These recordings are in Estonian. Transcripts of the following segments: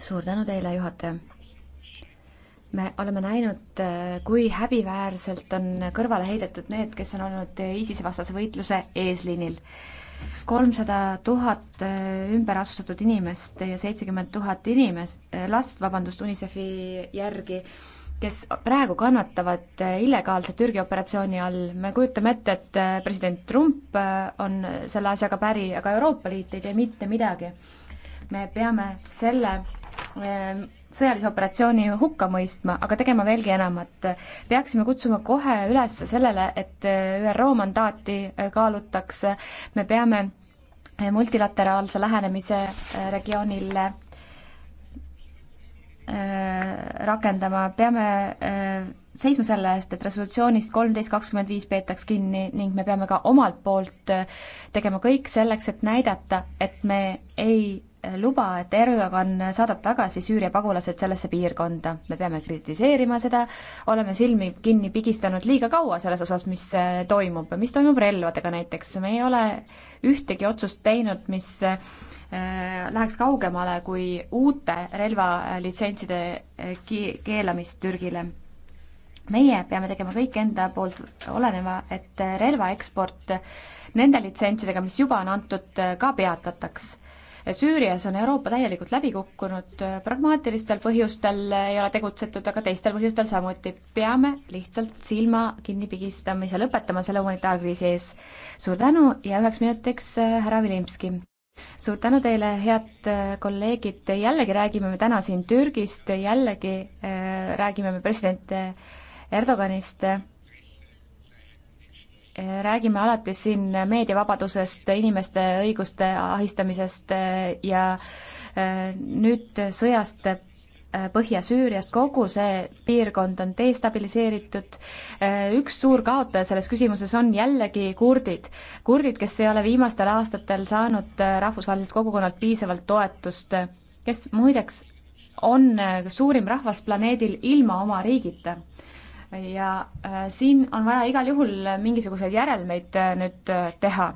suur tänu teile, juhataja. me oleme näinud, äh, kui häbiväärselt on kõrvale heidetud need, kes on olnud äh, ISISe vastase võitluse eesliinil. kolmsada tuhat äh, ümber asustatud inimest ja seitsekümmend tuhat inimest, last, vabandust, UNICEF-i järgi, kes praegu kannatavad illegaalse Türgi operatsiooni all. me kujutame ette, et president Trump on selle asjaga päri, aga Euroopa Liit ei tee mitte midagi. me peame selle Ehm, sõjalise operatsiooni hukka mõistma, aga tegema veelgi enamat. peaksime kutsuma kohe üles sellele, et eh, ÜRO mandaati eh, kaalutaks, me peame eh, multilateraalse lähenemise regioonil rakendama, peame seisma selle eest, et resolutsioonist kolmteist kakskümmend viis peetaks kinni ning me peame ka omalt poolt tegema kõik selleks, et näidata, et me ei luba, et Erdogan saadab tagasi Süüria pagulased sellesse piirkonda. me peame kritiseerima seda, oleme silmi kinni pigistanud liiga kaua selles osas, mis äh, toimub, mis toimub relvadega näiteks, me ei ole ühtegi otsust teinud, mis äh, läheks kaugemale kui uute relvalitsentside äh, keelamist Türgile meie peame tegema kõik enda poolt oleneva, et relvaeksport nende litsentsidega, mis juba on antud, ka peatataks Süürias on Euroopa täielikult läbi kukkunud, pragmaatilistel põhjustel ei ole tegutsetud, aga teistel põhjustel samuti. peame lihtsalt silma kinnipigistamise lõpetama selle humanitaarkriisi ees. suur tänu ja üheks minutiks äh, härra Vilimski. suur tänu teile, head äh, kolleegid, jällegi räägime me täna siin Türgist, jällegi äh, räägime me president Erdoganist räägime alati siin meediavabadusest, inimeste õiguste ahistamisest eh, ja eh, nüüd sõjast eh, Põhja-Süüriast, kogu see piirkond on destabiliseeritud. üks suur kaotaja selles küsimuses on jällegi kurdid. kurdid, kes ei ole viimastel aastatel saanud rahvusvaheliselt kogukonnalt piisavalt toetust, kes muideks on suurim rahvas planeedil ilma oma riigita ja äh, siin on vaja igal juhul mingisuguseid järelmeid äh, nüüd äh, teha.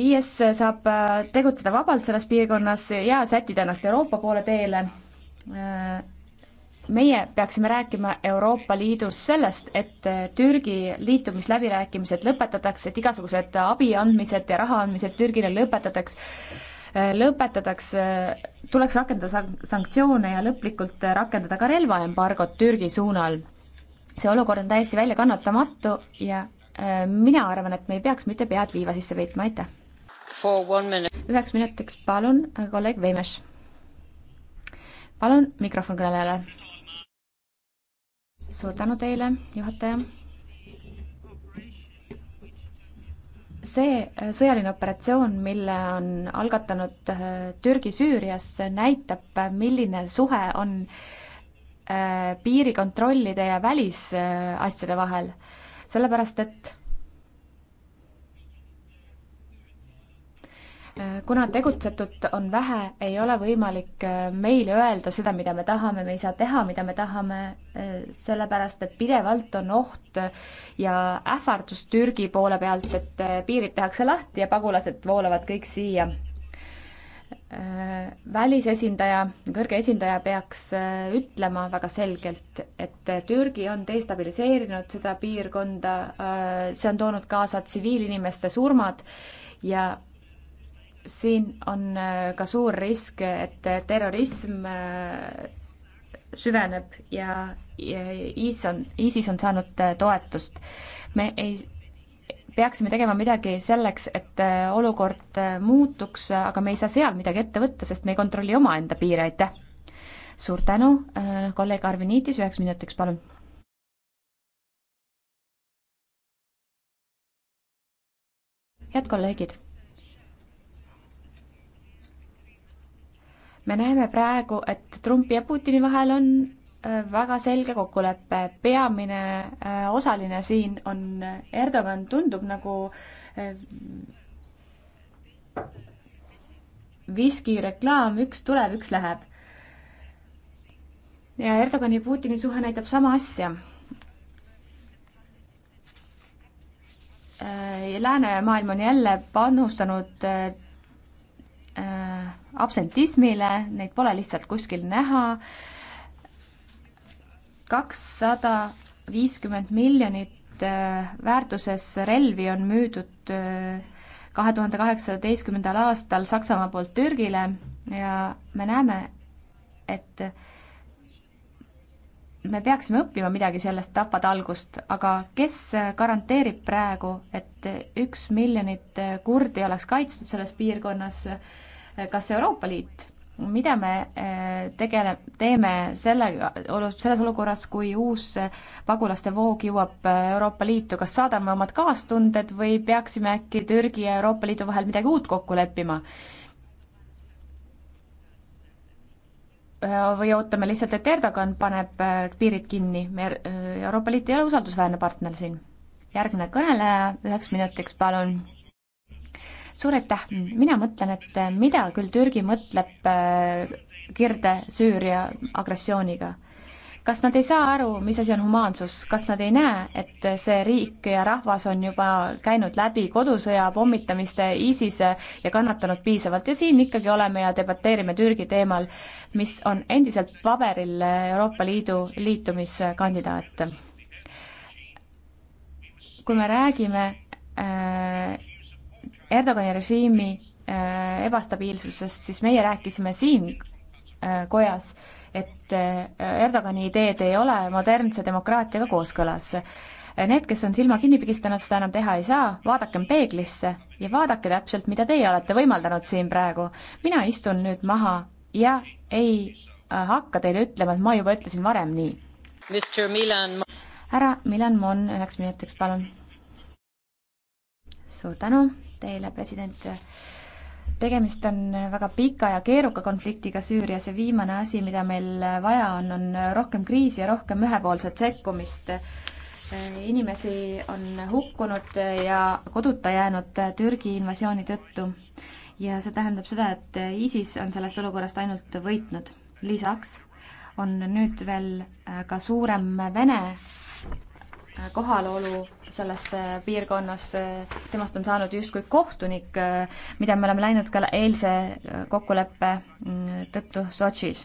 IS saab tegutseda vabalt selles piirkonnas ja sättida ennast Euroopa poole teele. meie peaksime rääkima Euroopa Liidus sellest, et Türgi liitumisläbirääkimised lõpetatakse, et igasugused abi andmised ja raha andmised Türgile lõpetataks, lõpetatakse, lõpetatakse tuleks rakendada sanktsioone ja lõplikult rakendada ka relvaembargot Türgi suunal. see olukord on täiesti väljakannatamatu ja äh, mina arvan, et me ei peaks mitte pead liiva sisse peitma, aitäh. üheks minutiks palun, äh, kolleeg Veimes. palun mikrofon kõnelejale. suur tänu teile, juhataja see sõjaline operatsioon, mille on algatanud äh, Türgi Süürias, näitab, milline suhe on äh, piirikontrollide ja välisasjade vahel, sellepärast et kuna tegutsetud on vähe, ei ole võimalik äh, meile öelda seda, mida me tahame, me ei saa teha, mida me tahame, äh, sellepärast et pidevalt on oht ja ähvardus Türgi poole pealt, et äh, piirid tehakse lahti ja pagulased voolavad kõik siia. Välisesindaja, kõrge esindaja peaks ütlema väga selgelt, et Türgi on destabiliseerinud seda piirkonda, see on toonud kaasa tsiviilinimeste surmad ja siin on äh, ka suur risk, et äh, terrorism äh, süveneb ja IS on, ISIS on saanud toetust. me ei, peaksime tegema midagi selleks, et olukord muutuks, aga me ei saa seal midagi ette võtta, sest me ei kontrolli omaenda piire, aitäh. suur tänu, kolleeg Arviniitis, üheks minutiks, palun. head kolleegid me näeme praegu, et Trumpi ja Putini vahel on äh, väga selge kokkulepe, peamine äh, osaline siin on Erdogan, tundub nagu äh, viskireklaam, üks tuleb, üks läheb. ja Erdogani ja Putini suhe näitab sama asja. läänemaailm on jälle panustanud absentismile, neid pole lihtsalt kuskil näha. kakssada viiskümmend miljonit äh, väärtuses relvi on müüdud äh, kahe tuhande kaheksateistkümnendal aastal Saksamaa poolt Türgile ja me näeme, et me peaksime õppima midagi sellest Tapa talgust, aga kes äh, garanteerib praegu, et üks miljonit kurdi oleks kaitstud selles piirkonnas kas Euroopa Liit, mida me eh, tegele-, teeme sellega, selles olukorras, kui uus eh, pagulaste voog jõuab eh, Euroopa Liitu, kas saadame omad kaastunded või peaksime äkki Türgi ja Euroopa Liidu vahel midagi uut kokku leppima? või ootame lihtsalt, et Erdogan paneb piirid kinni, me, Euroopa Liit ei ole usaldusväärne partner siin. järgmine kõneleja, üheks minutiks palun suur aitäh, mina mõtlen, et äh, mida küll Türgi mõtleb äh, kirde Süüria agressiooniga. kas nad ei saa aru, mis asi on humaansus, kas nad ei näe, et see riik ja rahvas on juba käinud läbi kodusõja pommitamiste, ISISe ja kannatanud piisavalt ja siin ikkagi oleme ja debateerime Türgi teemal, mis on endiselt paberil Euroopa Liidu liitumiskandidaat. kui me räägime äh, Erdogani režiimi äh, ebastabiilsusest, siis meie rääkisime siin äh, kojas, et äh, Erdogani ideed ei ole modernse demokraatiaga kooskõlas. Need, kes on silma kinni pigistanud, seda enam teha ei saa, vaadakem peeglisse ja vaadake täpselt, mida teie olete võimaldanud siin praegu. mina istun nüüd maha ja ei hakka teile ütlema, et ma juba ütlesin varem nii. härra Milan Mon üheks minutiks, palun. suur tänu teile, president. tegemist on väga pika ja keeruka konfliktiga Süürias ja viimane asi, mida meil vaja on, on rohkem kriisi ja rohkem ühepoolset sekkumist inimesi on hukkunud ja koduta jäänud Türgi invasiooni tõttu. ja see tähendab seda, et ISIS on sellest olukorrast ainult võitnud. lisaks on nüüd veel ka suurem Vene kohalolu selles piirkonnas, temast on saanud justkui kohtunik, mida me oleme läinud ka eilse kokkuleppe mm, tõttu Sotšis.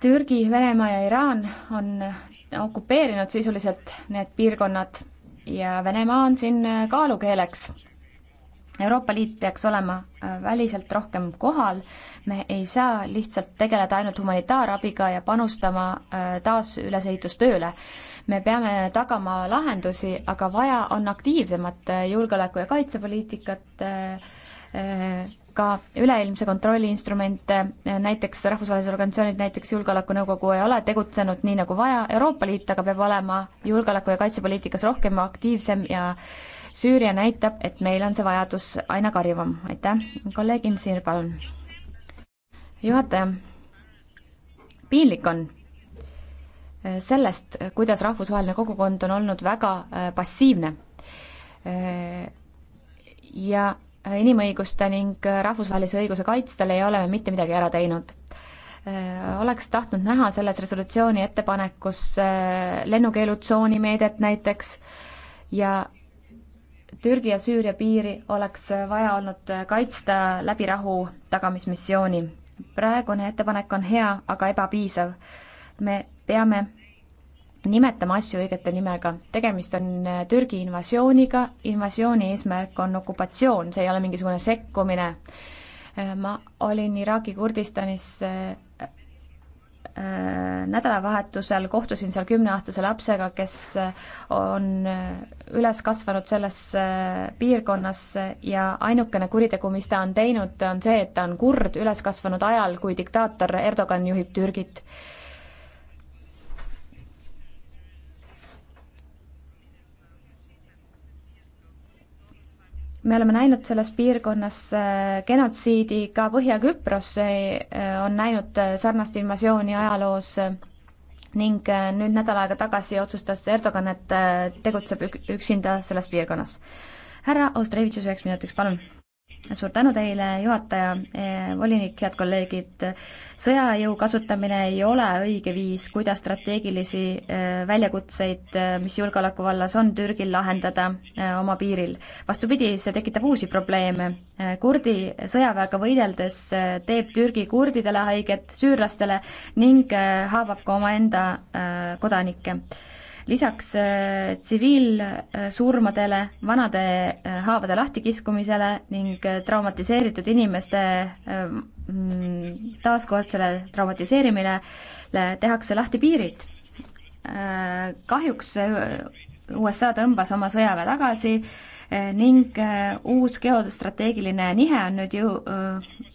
Türgi, Venemaa ja Iraan on okupeerinud sisuliselt need piirkonnad ja Venemaa on siin kaalukeeleks. Euroopa Liit peaks olema äh, väliselt rohkem kohal, me ei saa lihtsalt tegeleda ainult humanitaarabiga ja panustama äh, taas ülesehitustööle me peame tagama lahendusi, aga vaja on aktiivsemat äh, julgeoleku- ja kaitsepoliitikat, äh, äh, ka üleilmse kontrolli instrumente, näiteks rahvusvahelised organisatsioonid, näiteks Julgeolekunõukogu ei ole tegutsenud nii, nagu vaja, Euroopa Liit aga peab olema julgeoleku- ja kaitsepoliitikas rohkem aktiivsem ja Süüria näitab, et meil on see vajadus aina karjuvam, aitäh, kolleeg Insir, palun. juhataja, piinlik on sellest, kuidas rahvusvaheline kogukond on olnud väga äh, passiivne. Äh, ja inimõiguste ning rahvusvahelise õiguse kaitstel ei ole me mitte midagi ära teinud. Äh, oleks tahtnud näha selles resolutsiooni ettepanekus lennukeelutsooni meedet näiteks ja Türgi ja Süüria piiri oleks vaja olnud kaitsta läbi rahu tagamismissiooni. praegune ettepanek on hea, aga ebapiisav me peame nimetama asju õigete nimega. tegemist on äh, Türgi invasiooniga, invasiooni eesmärk on okupatsioon, see ei ole mingisugune sekkumine. Äh, ma olin Iraagi Kurdistanis äh, nädalavahetusel kohtusin seal kümneaastase lapsega, kes on üles kasvanud selles piirkonnas ja ainukene kuritegu, mis ta on teinud, on see, et ta on kurd, üles kasvanud ajal, kui diktaator Erdogan juhib Türgit me oleme näinud selles piirkonnas äh, genotsiidi, ka Põhja-Küpros äh, on näinud äh, sarnast invasiooni ajaloos ning nüüd nädal aega tagasi otsustas Erdogan, et tegutseb üksinda selles piirkonnas. härra Ostrevitšus üheks minutiks, palun suur tänu teile, juhataja, e, volinik, head kolleegid. sõjajõu kasutamine ei ole õige viis, kuidas strateegilisi e, väljakutseid, e, mis julgeoleku vallas on Türgil, lahendada oma piiril. vastupidi, see tekitab uusi probleeme. kurdi sõjaväega võideldes teeb Türgi kurdidele haiget, süürlastele ning haavab ka omaenda kodanikke lisaks äh, tsiviilsurmadele, vanade äh, haavade lahtikiskumisele ning äh, traumatiseeritud inimeste mm, taaskordsele traumatiseerimine tehakse lahti piirid. kahjuks USA tõmbas oma sõjaväe tagasi ning uus geostrateegiline nihe on nüüd ju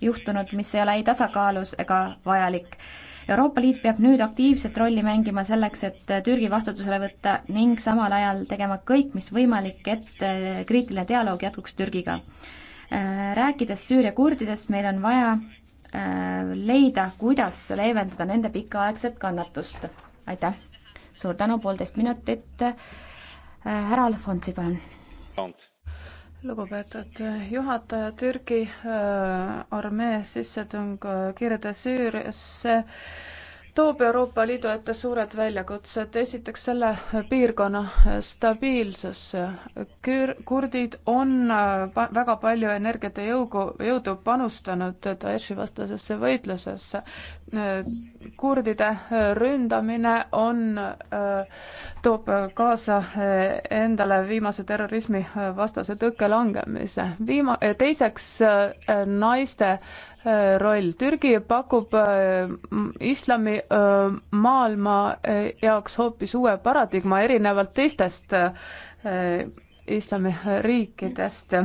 juhtunud, mis ei ole ei tasakaalus ega vajalik Euroopa Liit peab nüüd aktiivset rolli mängima selleks, et Türgi vastutusele võtta ning samal ajal tegema kõik, mis võimalik, et äh, kriitiline dialoog jätkuks Türgiga. Äh, rääkides Süüria kurdidest, meil on vaja äh, leida, kuidas leevendada nende pikaaegset kannatust. aitäh! suur tänu, poolteist minutit. härra Alfonsi, palun lugupeetud juhataja, Türgi äh, armee sissetung äh, kiirde Süüriasse äh, toob Euroopa Liidu ette suured väljakutsed. esiteks selle piirkonna stabiilsus. Kür-, kurdid on äh, pa-, väga palju energiat ja jõugu, jõudu panustanud Daeshi vastasesse võitlusesse. Äh, kurdide äh, ründamine on, toob kaasa endale viimase terrorismi vastase tõkke langemise. Viima-, teiseks naiste Äh, roll. Türgi pakub äh, islami äh, maailma jaoks hoopis uue paradigma, erinevalt teistest islamiriikidest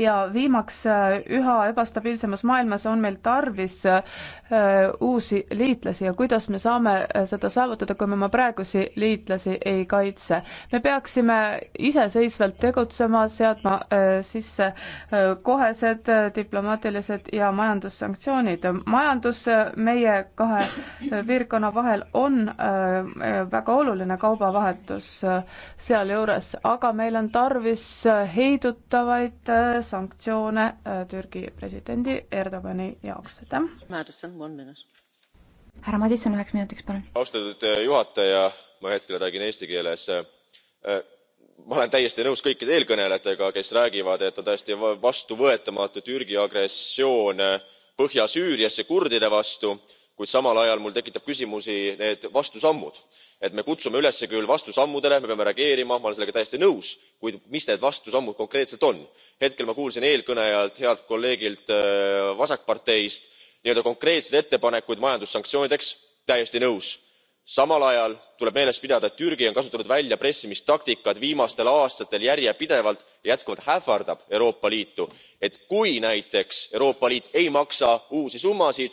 ja viimaks äh, üha ebastabiilsemas maailmas on meil tarvis äh, uusi liitlasi ja kuidas me saame äh, seda saavutada, kui me oma praegusi liitlasi ei kaitse. me peaksime iseseisvalt tegutsema, seadma sisse kohesed diplomaatilised ja majandussanktsioonid. majandus meie kahe piirkonna vahel on väga oluline kaubavahetus sealjuures, aga meil on tarvis heidutavaid sanktsioone äh, Türgi presidendi Erdogani jaoks, aitäh. härra Madisson üheks minutiks, palun. austatud äh, juhataja, ma hetkel räägin eesti keeles. Äh, ma olen täiesti nõus kõikide eelkõnelejatega, kes räägivad, et on täiesti vastuvõetamatu Türgi agressioon Põhja-Süüriasse kurdide vastu kuid samal ajal mul tekitab küsimusi need vastusammud et me kutsume üles küll vastusammudele me peame reageerima ma olen sellega täiesti nõus kuid mis need vastusammud konkreetselt on? hetkel ma kuulsin eelkõnelejalt healt kolleegilt äh, vasakparteist nii-öelda konkreetseid ettepanekuid majandussanktsioonideks täiesti nõus. samal ajal tuleb meeles pidada et türgi on kasutanud väljapressimistaktikat viimastel aastatel järjepidevalt ja jätkuvalt ähvardab euroopa liitu et kui näiteks euroopa liit ei maksa uusi summasid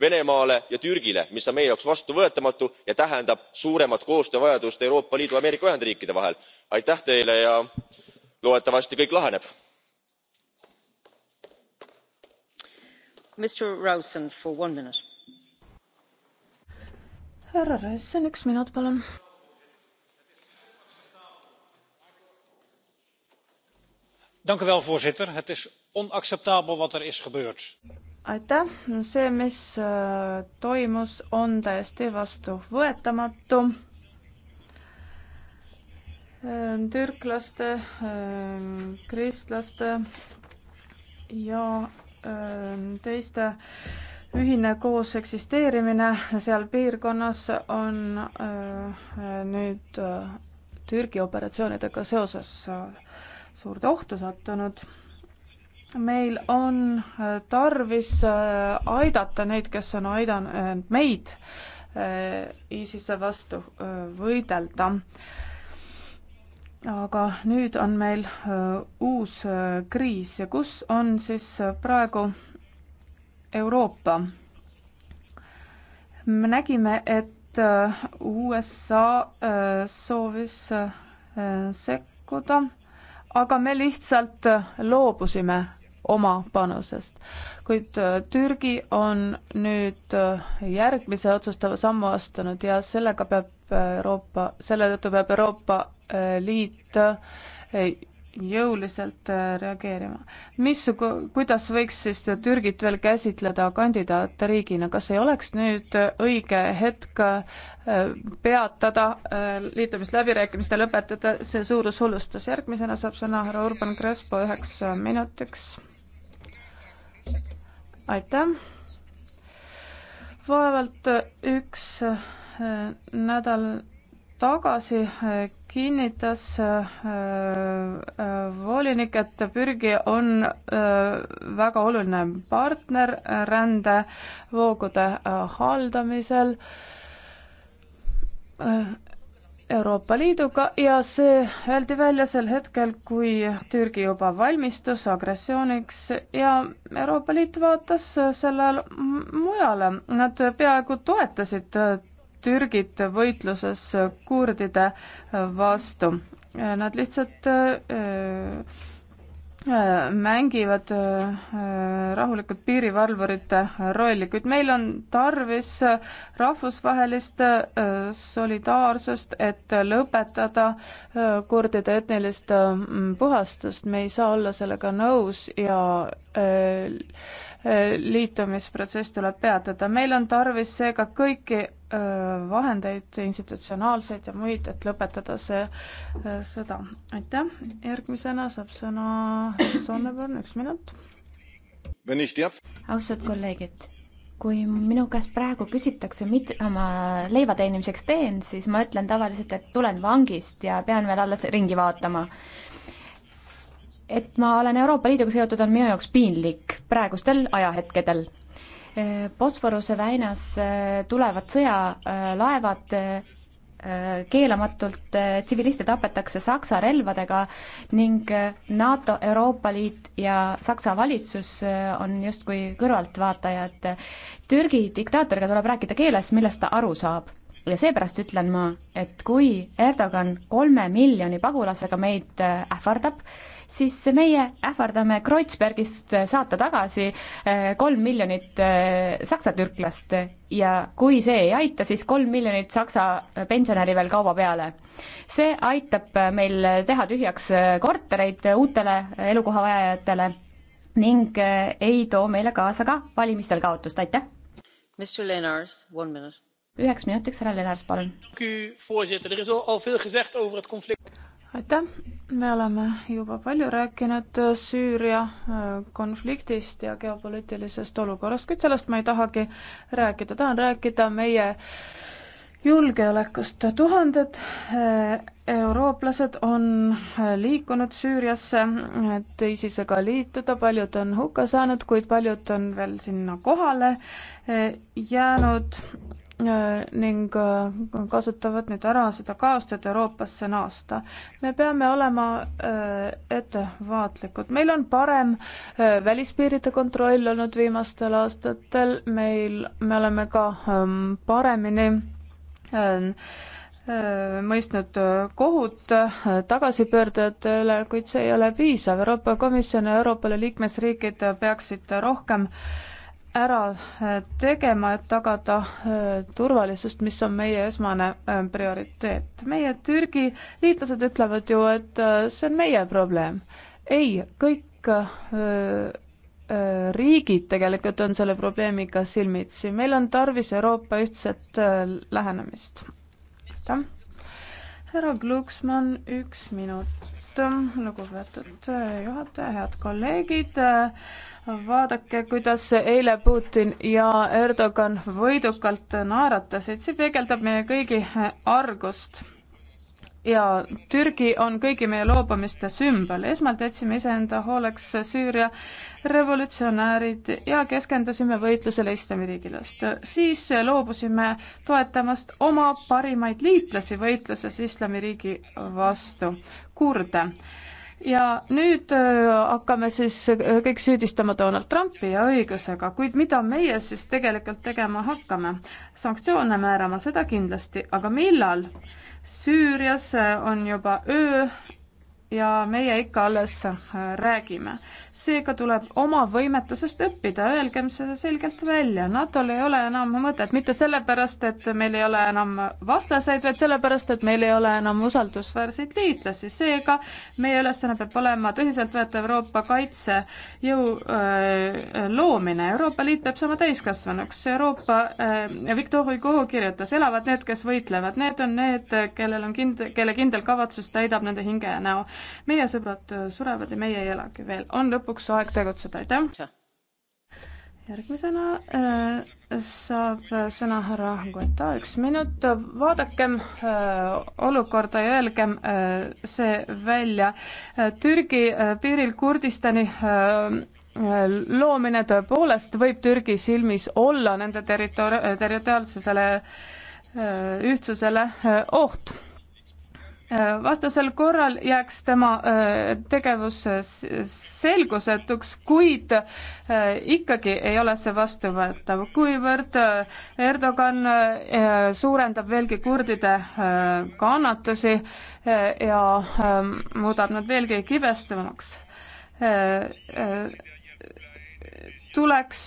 venemaale ja türgile mis on meie jaoks vastuvõetamatu ja tähendab suuremat koostöövajadust euroopa liidu ja ameerika ühendriikide vahel. aitäh teile ja loodetavasti kõik laheneb. härra raissin üks minut palun! voorzitter het is onacceptabel wat er is gebeurd aitäh, see, mis äh, toimus, on täiesti vastuvõetamatu äh, türklaste, äh, kristlaste ja teiste ühine koos eksisteerimine seal piirkonnas on nüüd Türgi operatsioonidega seoses suurde ohtu sattunud meil on äh, tarvis äh, aidata neid, kes on aidanud äh, meid ISISe vastu võidelda. aga nüüd on meil uus kriis ja kus on siis praegu Euroopa? me nägime, et USA soovis sekkuda, aga me lihtsalt loobusime oma panusest. kuid äh, Türgi on nüüd äh, järgmise otsustava sammu astunud ja sellega peab äh, Euroopa, selle tõttu peab Euroopa Liit jõuliselt reageerima. mis, kuidas võiks siis Türgit veel käsitleda kandidaatriigina, kas ei oleks nüüd õige hetk peatada liitumisläbirääkimiste, lõpetada see suurushullustus? järgmisena saab sõna härra Urban Crespo üheks minutiks aitäh. vaevalt üks äh, nädal tagasi äh, kinnitas äh, volinik, et Türgi on väga oluline partner rändevoogude haldamisel Euroopa Liiduga ja see öeldi välja sel hetkel, kui Türgi juba valmistus agressiooniks ja Euroopa Liit vaatas sellel mujale. Nad peaaegu toetasid Türgit võitluses kurdide vastu. Nad lihtsalt öö, äh, Äh, mängivad äh, äh, rahulikult piirivalvurite rolli, kuid meil on tarvis rahvusvahelist solidaarsust, et lõpetada kurdide etnilist puhastust, me ei saa olla sellega nõus ja liitumisprotsess tuleb peatada. meil on tarvis seega kõiki vahendeid, institutsionaalseid ja muid, et lõpetada see sõda. aitäh, järgmisena saab sõna Sonneborn, üks minut. austatud kolleegid kui minu käest praegu küsitakse, mida ma leiva teenimiseks teen, siis ma ütlen tavaliselt, et tulen vangist ja pean veel alles ringi vaatama et ma olen Euroopa Liiduga seotud, on minu jaoks piinlik praegustel ajahetkedel. Bosforuse väinas äh, tulevad sõjalaevad äh, keelamatult äh, tsiviliste tapetakse Saksa relvadega ning NATO, Euroopa Liit ja Saksa valitsus on justkui kõrvaltvaatajad. Türgi diktaatoriga tuleb rääkida keeles, millest ta aru saab. ja seepärast ütlen ma, et kui Erdogan kolme miljoni pagulasega meid ähvardab, siis meie ähvardame Kreuzbergist saata tagasi eh, kolm miljonit eh, saksa türklast ja kui see ei aita, siis kolm miljonit saksa pensionäri veel kauba peale. see aitab eh, meil teha tühjaks kortereid uutele elukoha vajajatele ning ei too meile kaasa ka valimistel kaotust, aitäh! üheks minutiks härra Lennart, palun aitäh, me oleme juba palju rääkinud Süüria äh, konfliktist ja geopoliitilisest olukorrast, kuid sellest ma ei tahagi rääkida, tahan rääkida meie julgeolekust. tuhanded äh, eurooplased on äh, liikunud Süüriasse, et ISISega liituda, paljud on hukka saanud, kuid paljud on veel sinna kohale jäänud Äh, ning äh, kasutavad nüüd ära seda kaastööd Euroopasse naasta. me peame olema äh, ettevaatlikud, meil on parem välispiiride kontroll olnud viimastel aastatel, meil, me oleme ka ähm, paremini ähm, mõistnud kohut tagasipöördujate üle, kuid see ei ole piisav, Euroopa Komisjon ja Euroopale liikmesriigid peaksid rohkem äh, ära äh, tegema, et tagada äh, turvalisust, mis on meie esmane äh, prioriteet. meie Türgi liitlased ütlevad ju, et see on meie probleem. ei, kõik riigid tegelikult on selle probleemiga silmitsi, meil on tarvis Euroopa ühtset lähenemist. aitäh. härra Glucksmann, üks minut lugupeetud äh, juhataja, head kolleegid. Äh, vaadake, kuidas eile Putin ja Erdogan võidukalt naeratasid, see peegeldab meie kõigi äh, argust ja Türgi on kõigi meie loobumiste sümbol. esmalt jätsime iseenda hooleks Süüria revolutsionäärid ja keskendusime võitlusele islamiriigilast. siis loobusime toetamast oma parimaid liitlasi võitluses islamiriigi vastu kurde. ja nüüd äh, hakkame siis äh, kõik süüdistama Donald Trumpi ja õigusega, kuid mida meie siis tegelikult tegema hakkame? sanktsioone määrama, seda kindlasti, aga millal? Süürias äh, on juba öö ja meie ikka alles räägime seega tuleb oma võimetusest õppida, öelgem seda selgelt välja, NATO-l ei ole enam mõtet, mitte sellepärast, et meil ei ole enam vastaseid, vaid sellepärast, et meil ei ole enam usaldusväärseid liitlasi, seega meie ülesanne peab olema tõsiseltvõetav Euroopa kaitsejõu äh, loomine, Euroopa Liit peab saama täiskasvanuks, Euroopa, äh, Victor Hugo kirjutas, elavad need, kes võitlevad, need on need, kellel on kind-, kelle kindel kavatsus täidab nende hinge ja näo. meie sõbrad surevad ja meie ei elagi veel, on lõpuks lõpuks aeg tegutseda, aitäh! järgmisena äh, saab sõna härra Guetta, üks minut, vaadakem äh, olukorda ja öelgem äh, see välja. Äh, Türgi äh, piiril Kurdistani äh, loomine tõepoolest võib Türgi silmis olla nende territori-, territoriaalsusele ühtsusele oht Äh, vastasel korral jääks tema äh, tegevus selgusetuks, kuid äh, ikkagi ei ole see vastuvõetav, kuivõrd Erdogan suurendab veelgi kurdide kannatusi ja muudab nad veelgi kibestumaks tuleks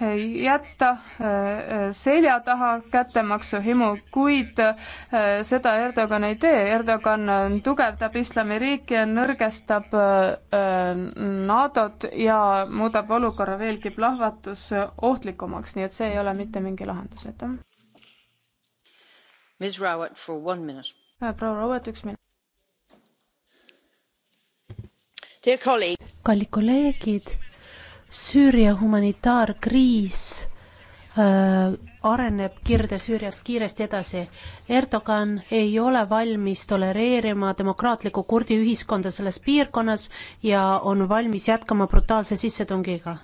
eh, jätta eh, selja taha kättemaksuhimu, kuid eh, seda Erdogan ei tee. Erdogan tugevdab islamiriiki ja nõrgestab NATO-t ja muudab olukorra veelgi plahvatusohtlikumaks, nii et see ei ole mitte mingi lahendus, aitäh. proua Rauet, üks minut. kallid kolleegid Süüria humanitaarkriis äh, areneb Kirde-Süürias kiiresti edasi. Erdogan ei ole valmis tolereerima demokraatlikku kurdi ühiskonda selles piirkonnas ja on valmis jätkama brutaalse sissetungiga äh,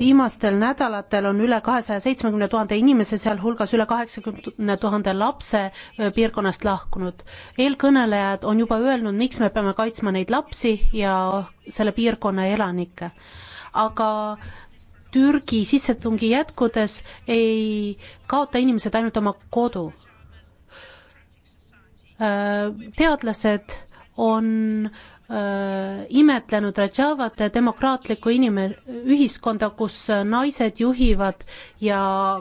viimastel nädalatel on üle kahesaja seitsmekümne tuhande inimese, sealhulgas üle kaheksakümne tuhande lapse piirkonnast lahkunud. eelkõnelejad on juba öelnud, miks me peame kaitsma neid lapsi ja selle piirkonna elanikke. aga Türgi sissetungi jätkudes ei kaota inimesed ainult oma kodu. teadlased on äh, imetlenud Rajavat demokraatlikku inime-, ühiskonda, kus naised juhivad ja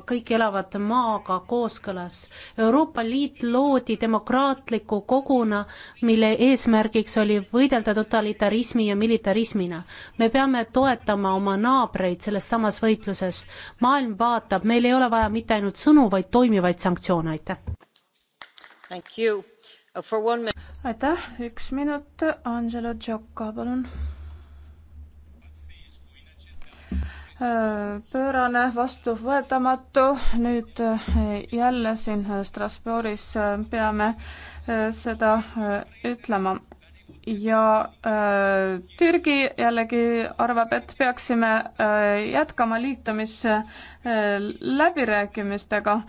kõik elavad maaga kooskõlas. Euroopa Liit loodi demokraatliku koguna, mille eesmärgiks oli võidelda totalitarismi ja militarismina. me peame toetama oma naabreid selles samas võitluses. maailm vaatab, meil ei ole vaja mitte ainult sõnu, vaid toimivaid sanktsioone, aitäh! Thank you. Uh, aitäh, üks minut, Angelo Giocca, palun. Uh, pöörane, vastuvõetamatu, nüüd uh, jälle siin Strasbourgis peame seda ütlema ja äh, Türgi jällegi arvab, et peaksime äh, jätkama liitumisläbirääkimistega äh,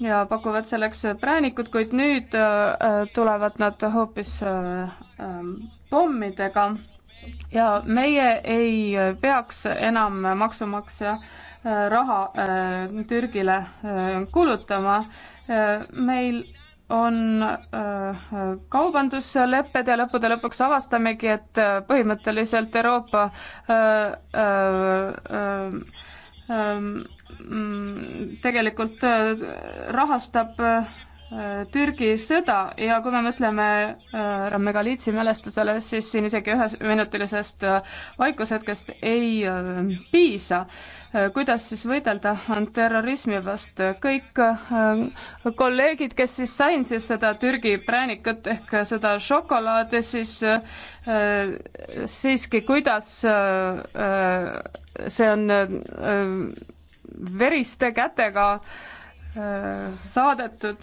ja pakuvad selleks präänikut, kuid nüüd äh, tulevad nad hoopis äh, ähm, pommidega ja meie ei peaks enam maksumaksja äh, raha Türgile kulutama. meil on kaubanduslepped ja lõppude lõpuks avastamegi, et põhimõtteliselt Euroopa öö, öö, Ehm, mm, tegelikult äh, rahastab äh, Türgi sõda ja kui me mõtleme äh, Rammegalitsi mälestusele, siis siin isegi üheminutilisest äh, vaikushetkest ei äh, piisa. kuidas siis võidelda terrorismi vastu, kõik kolleegid, kes siis sain siis seda Türgi präänikut ehk seda šokolaadi, siis siiski, kuidas see on veriste kätega äh, Äh, saadetud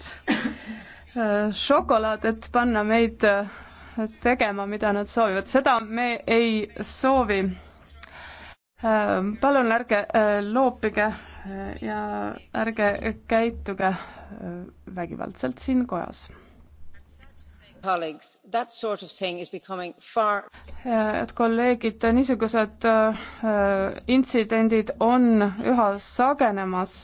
äh, šokolaad, et panna meid äh, tegema, mida nad soovivad, seda me ei soovi. palun ärge loopige ja ärge käituge vägivaldselt siin kojas Sort of far... head kolleegid, niisugused äh, intsidendid on üha sagenemas.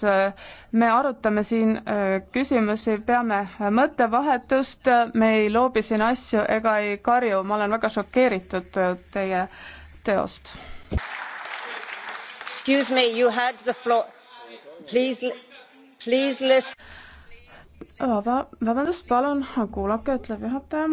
me arutame siin äh, küsimusi, peame mõttevahetust, me ei loobi siin asju ega ei karju, ma olen väga šokeeritud äh, teie teost. Excuse me, you had the floor. Please, please listen vaba, vabandust, palun kuulake, ütleb juhataja.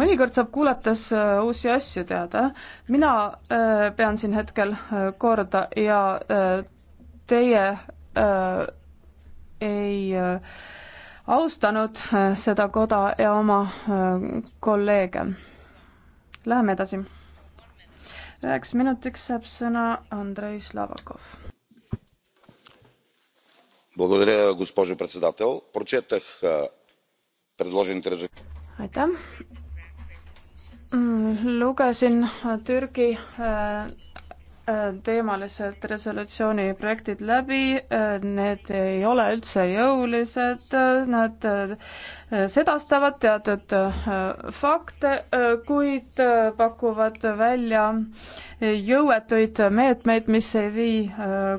mõnikord saab kuulates äh, uusi asju teada. mina äh, pean siin hetkel äh, korda ja äh, teie äh, ei äh, austanud äh, seda koda ja oma äh, kolleege. Läheme edasi üheks minutiks saab sõna Andrei Slavakov. aitäh lugesin Türgi teemalised resolutsiooni projektid läbi, need ei ole üldse jõulised, nad eh, sedastavad teatud eh, fakte, eh, kuid pakuvad välja jõuetuid meetmeid, mis ei vii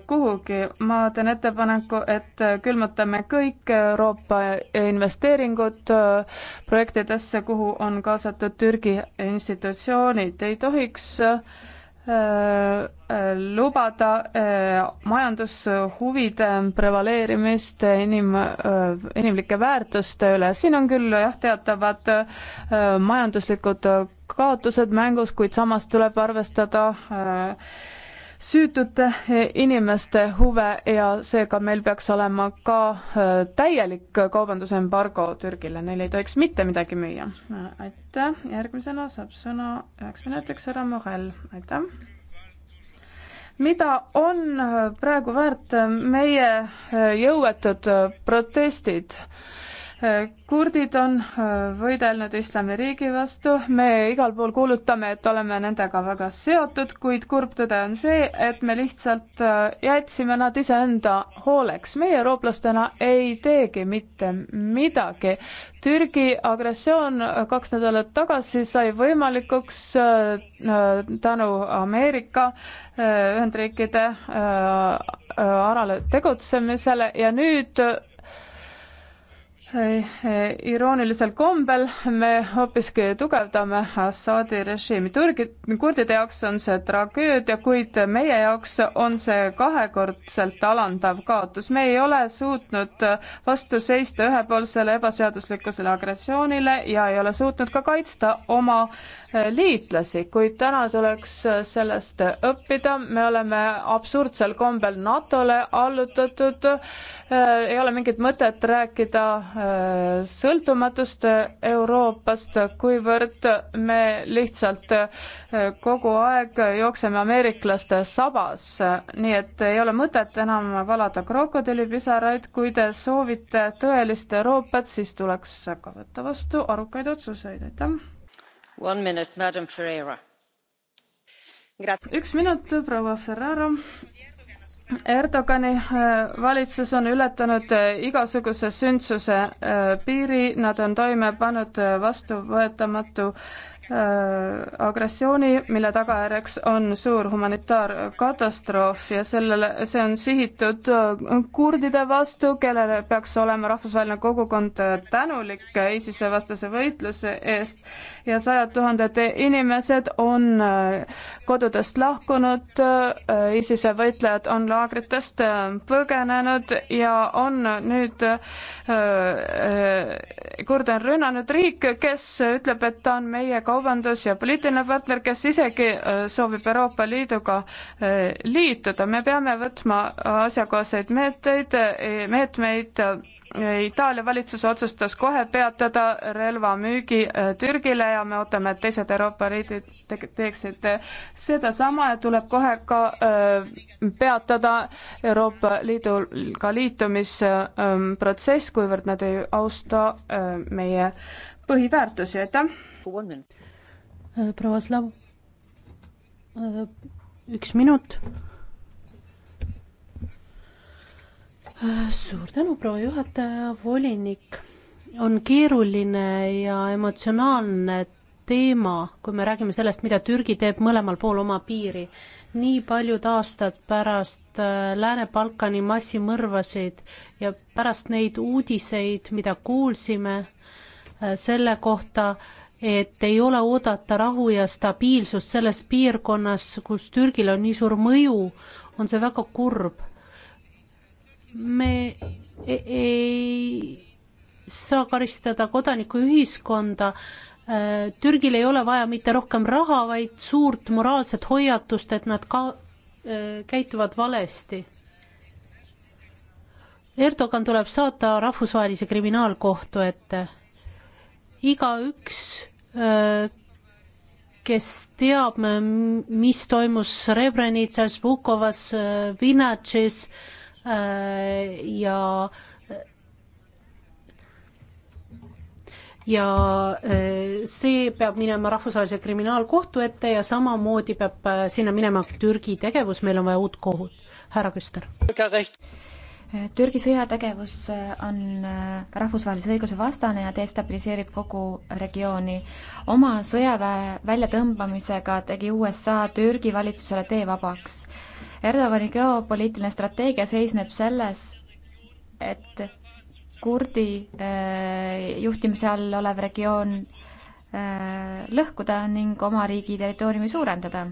kuhugi. ma teen ettepaneku, et külmutame kõik Euroopa investeeringud projektidesse, kuhu on kaasatud Türgi institutsioonid, ei tohiks Äh, äh, lubada äh, majandushuvide prevaleerimist inim, inimlike väärtuste üle, siin on küll jah, teatavad majanduslikud kaotused mängus, kuid samas tuleb arvestada äh, süütute eh, inimeste huve ja seega meil peaks olema ka eh, täielik kaubandusembargo Türgile, neil ei tohiks mitte midagi müüa. aitäh, järgmisena saab sõna üheks minutiks härra Morel, aitäh mida on eh, praegu väärt meie jõuetud protestid kurdid on äh, võidelnud islamiriigi vastu, me igal pool kuulutame, et oleme nendega väga seotud, kuid kurb tõde on see, et me lihtsalt äh, jätsime nad iseenda hooleks. meie eurooplastena ei teegi mitte midagi. Türgi agressioon äh, kaks nädalat tagasi sai võimalikuks tänu Ameerika Ühendriikide arale tegutsemisele ja nüüd Eh, iroonilisel kombel me hoopiski tugevdame Assaadi režiimi. Türgi, kurdide jaoks on see tragöödia, kuid meie jaoks on see kahekordselt alandav kaotus. me ei ole suutnud vastu seista ühepoolsele ebaseaduslikkusele agressioonile ja ei ole suutnud ka kaitsta oma eh, liitlasi, kuid täna tuleks eh, sellest õppida. me oleme absurdsel kombel NATO-le allutatud. ei ole mingit mõtet rääkida Äh, sõltumatust Euroopast, kuivõrd me lihtsalt äh, kogu aeg jookseme ameeriklaste sabas, nii et ei ole mõtet enam valada krokodillipisaraid, kui te soovite tõelist Euroopat, siis tuleks ka võtta vastu arukaid otsuseid, aitäh. One minute, madam Ferreira. üks minut, proua Ferrara Erdogani äh, valitsus on ületanud äh, igasuguse sündsuse äh, piiri, nad on toime pannud vastuvõetamatu Äh, agressiooni, mille tagajärjeks on suur humanitaarkatastroof ja sellele, see on sihitud äh, kurdide vastu, kellele peaks olema rahvusvaheline kogukond äh, tänulik ISISe vastase võitluse eest ja sajad tuhanded inimesed on kodudest lahkunud, ISISe võitlejad on laagritest põgenenud ja on nüüd, kurde on rünnanud riik, kes ütleb, et ta on meie ka kaubandus ja poliitiline partner, kes isegi äh, soovib Euroopa Liiduga äh, liituda. me peame võtma asjakohaseid meetmeid, äh, meetmeid. Itaalia valitsus otsustas kohe peatada relvamüügi Türgile ja me ootame, et teised Euroopa riigid teeksid sedasama ja tuleb kohe ka peatada Euroopa Liiduga liitumisprotsess, ähm, kuivõrd nad ei austa meie põhiväärtusi, aitäh! Äh, proua Slav, äh, üks minut. Äh, suur tänu, proua juhataja, volinik. on keeruline ja emotsionaalne teema, kui me räägime sellest, mida Türgi teeb mõlemal pool oma piiri. nii paljud aastad pärast Lääne-Balkani massimõrvasid ja pärast neid uudiseid, mida kuulsime selle kohta, et ei ole oodata rahu ja stabiilsust selles piirkonnas, kus Türgil on nii suur mõju, on see väga kurb. me e-, ei saa karistada kodanikuühiskonda, äh, Türgil ei ole vaja mitte rohkem raha, vaid suurt moraalset hoiatust, et nad ka äh, käituvad valesti. Erdogan tuleb saata rahvusvahelise kriminaalkohtu ette igaüks kes teab, mis toimus Srebrenitsas, Vukovas, Vinatšis ja ja see peab minema Rahvusvahelise Kriminaalkohtu ette ja samamoodi peab sinna minema Türgi tegevus, meil on vaja uut kohut. härra Köster Türgi sõjategevus on äh, rahvusvahelise õiguse vastane ja destabiliseerib kogu regiooni. oma sõjaväe väljatõmbamisega tegi USA Türgi valitsusele tee vabaks. Erdogani geopoliitiline strateegia seisneb selles, et kurdi äh, juhtimise all olev regioon äh, lõhkuda ning oma riigi territooriumi suurendada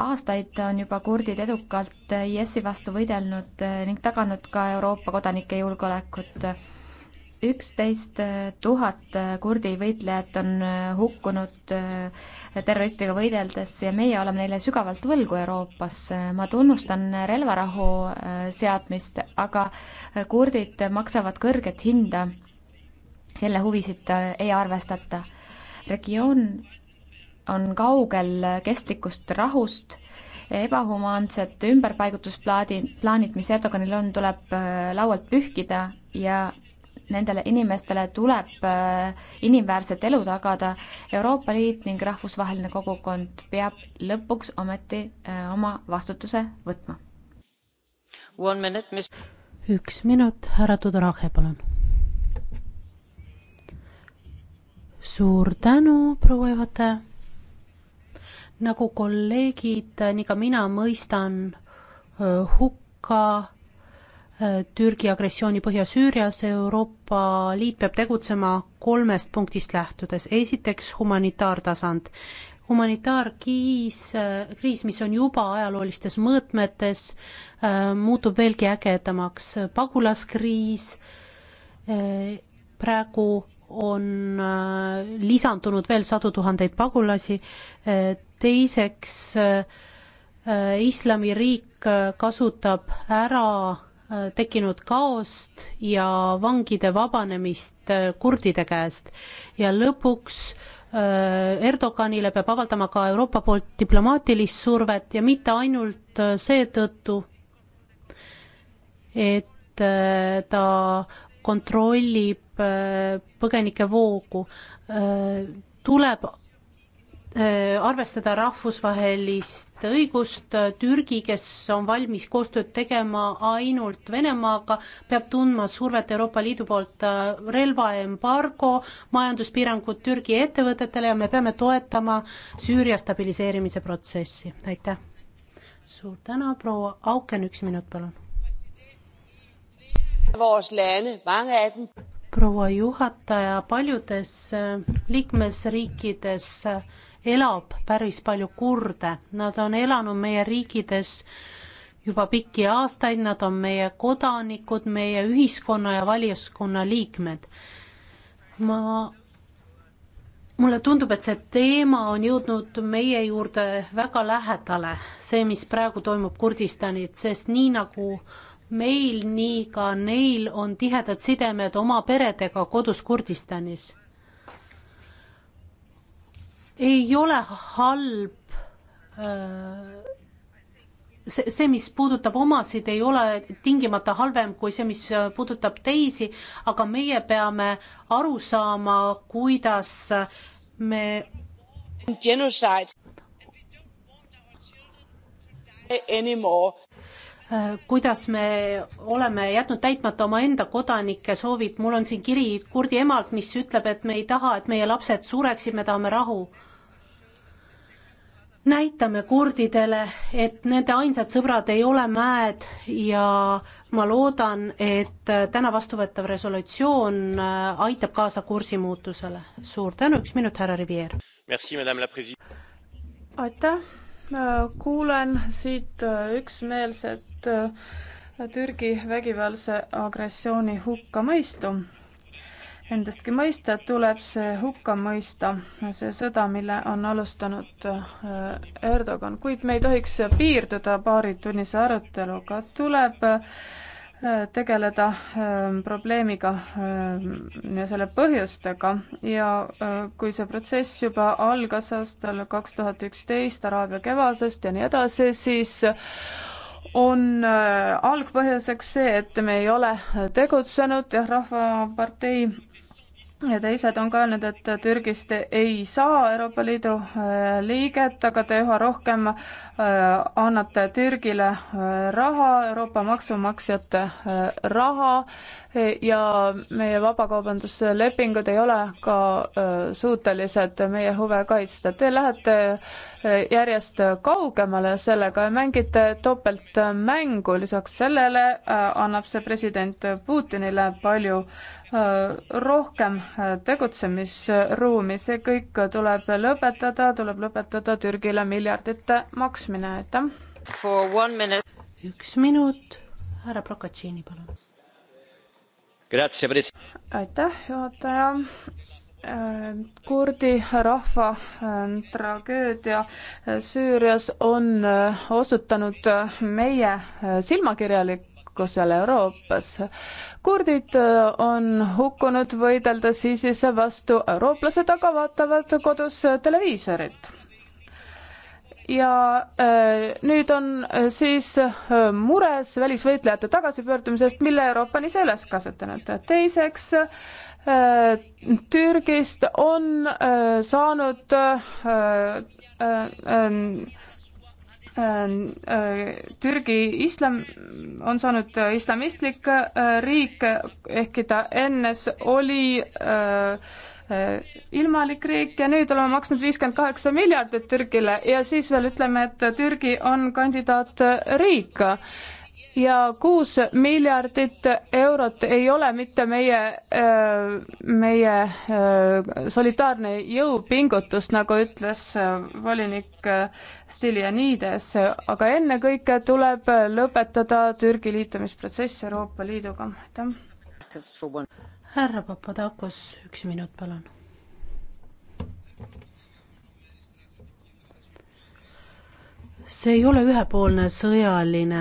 aastaid on juba kurdid edukalt IS-i vastu võidelnud eh, ning taganud ka Euroopa kodanike julgeolekut. üksteist tuhat kurdi võitlejat on eh, hukkunud eh, terroristidega võideldes ja meie oleme neile sügavalt võlgu Euroopas. ma tunnustan relvarahu seadmist, aga kurdid maksavad kõrget hinda, kelle huvisid ei arvestata regioon on kaugel kestlikust rahust, ebahumaansed ümberpaigutusplaadid, plaanid, mis Erdoganil on, tuleb äh, laualt pühkida ja nendele inimestele tuleb äh, inimväärset elu tagada. Euroopa Liit ning rahvusvaheline kogukond peab lõpuks ometi äh, oma vastutuse võtma. Mis... üks minut, härra Tudorahe, palun. suur tänu, proua juhataja nagu kolleegid, nii ka mina mõistan hukka Türgi agressiooni Põhja-Süürias, Euroopa Liit peab tegutsema kolmest punktist lähtudes, esiteks humanitaartasand. humanitaarkiis, kriis, mis on juba ajaloolistes mõõtmetes, muutub veelgi ägedamaks, pagulaskriis, praegu on lisandunud veel sadu tuhandeid pagulasi, teiseks, äh, islamiriik äh, kasutab ära äh, tekkinud kaost ja vangide vabanemist kurdide käest ja lõpuks Erdoganile peab avaldama ka Euroopa poolt diplomaatilist survet ja mitte ainult seetõttu, et ta kontrollib põgenikevoogu, tuleb Äh, arvestada rahvusvahelist õigust, Türgi, kes on valmis koostööd tegema ainult Venemaaga, peab tundma survet Euroopa Liidu poolt äh, relvaembargo, majanduspiirangud Türgi ettevõtetele ja me peame toetama Süüria stabiliseerimise protsessi, aitäh. suur tänu, proua Auken, üks minut, palun. proua juhataja, paljudes äh, liikmesriikides elab päris palju kurde, nad on elanud meie riikides juba pikki aastaid, nad on meie kodanikud, meie ühiskonna ja valijaskonna liikmed. ma, mulle tundub, et see teema on jõudnud meie juurde väga lähedale, see, mis praegu toimub Kurdistanis, sest nii nagu meil, nii ka neil on tihedad sidemed oma peredega kodus Kurdistanis ei ole halb äh, see, see, mis puudutab omasid, ei ole tingimata halvem kui see, mis äh, puudutab teisi, aga meie peame aru saama, kuidas me äh, kuidas me oleme jätnud täitmata omaenda kodanike soovid, mul on siin kiri kurdi emalt, mis ütleb, et me ei taha, et meie lapsed sureksid, me tahame rahu näitame kurdidele, et nende ainsad sõbrad ei ole mäed ja ma loodan, et täna vastuvõetav resolutsioon äh, aitab kaasa kursimuutusele. suur tänu, üks minut, härra Rivier. aitäh, äh, kuulen siit äh, üksmeelset Türgi vägivaldse agressiooni hukkamõistu endastki mõista, tuleb see hukka mõista, see sõda, mille on alustanud äh, Erdogan, kuid me ei tohiks piirduda paaritunnise aruteluga, tuleb äh, tegeleda äh, probleemiga ja selle põhjustega ja kui see protsess juba algas aastal kaks tuhat üksteist Araabia kevadest ja nii edasi, siis on algpõhjuseks see, et me ei ole tegutsenud, jah, Rahvapartei ja teised on ka öelnud, et Türgist ei saa Euroopa Liidu äh, liiget, aga te üha rohkem äh, annate Türgile äh, raha, Euroopa maksumaksjate raha ja meie vabakaubanduslepingud ei ole ka suutelised meie huve kaitsta. Te lähete järjest kaugemale sellega, mängite topeltmängu, lisaks sellele äh, annab see president Putinile palju äh, rohkem äh, tegutsemisruumi, see kõik tuleb lõpetada, tuleb lõpetada Türgile miljardite maksmine, aitäh. üks minut, härra Prokatšiini, palun. aitäh, juhataja Äh, kurdi rahva äh, tragöödia äh, Süürias on osutanud meie silmakirjalikkusele Euroopas. kurdid on hukkunud võideldes ISISe vastu, eurooplased aga vaatavad kodus televiisorit ja nüüd on siis mures välisvõitlejate tagasipöördumisest, mille Euroopa on ise üles kasvatanud. teiseks Äh, Türgist on äh, saanud äh, Türgi islam, on saanud islamistlik riik, ehkki ta ennes oli ilmalik riik ja nüüd oleme maksnud viiskümmend kaheksa miljardit Türgile ja siis veel ütleme, et Türgi on kandidaatriik ja kuus miljardit eurot ei ole mitte meie, äh, meie äh, solidaarne jõupingutus, nagu ütles äh, volinik Stiljanides, aga ennekõike tuleb lõpetada Türgi liitumisprotsess Euroopa Liiduga, aitäh. härra Papadakos, üks minut, palun. see ei ole ühepoolne sõjaline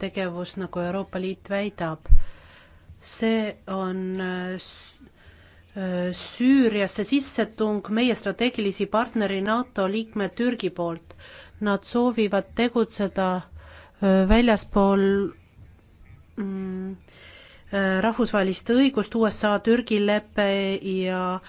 tegevus, nagu Euroopa Liit väidab. see on äh, Süüriasse sissetung meie strateegilisi partneri NATO liikme Türgi poolt. Nad soovivad tegutseda äh, väljaspool mm, äh, rahvusvahelist õigust, USA-Türgi lepe ja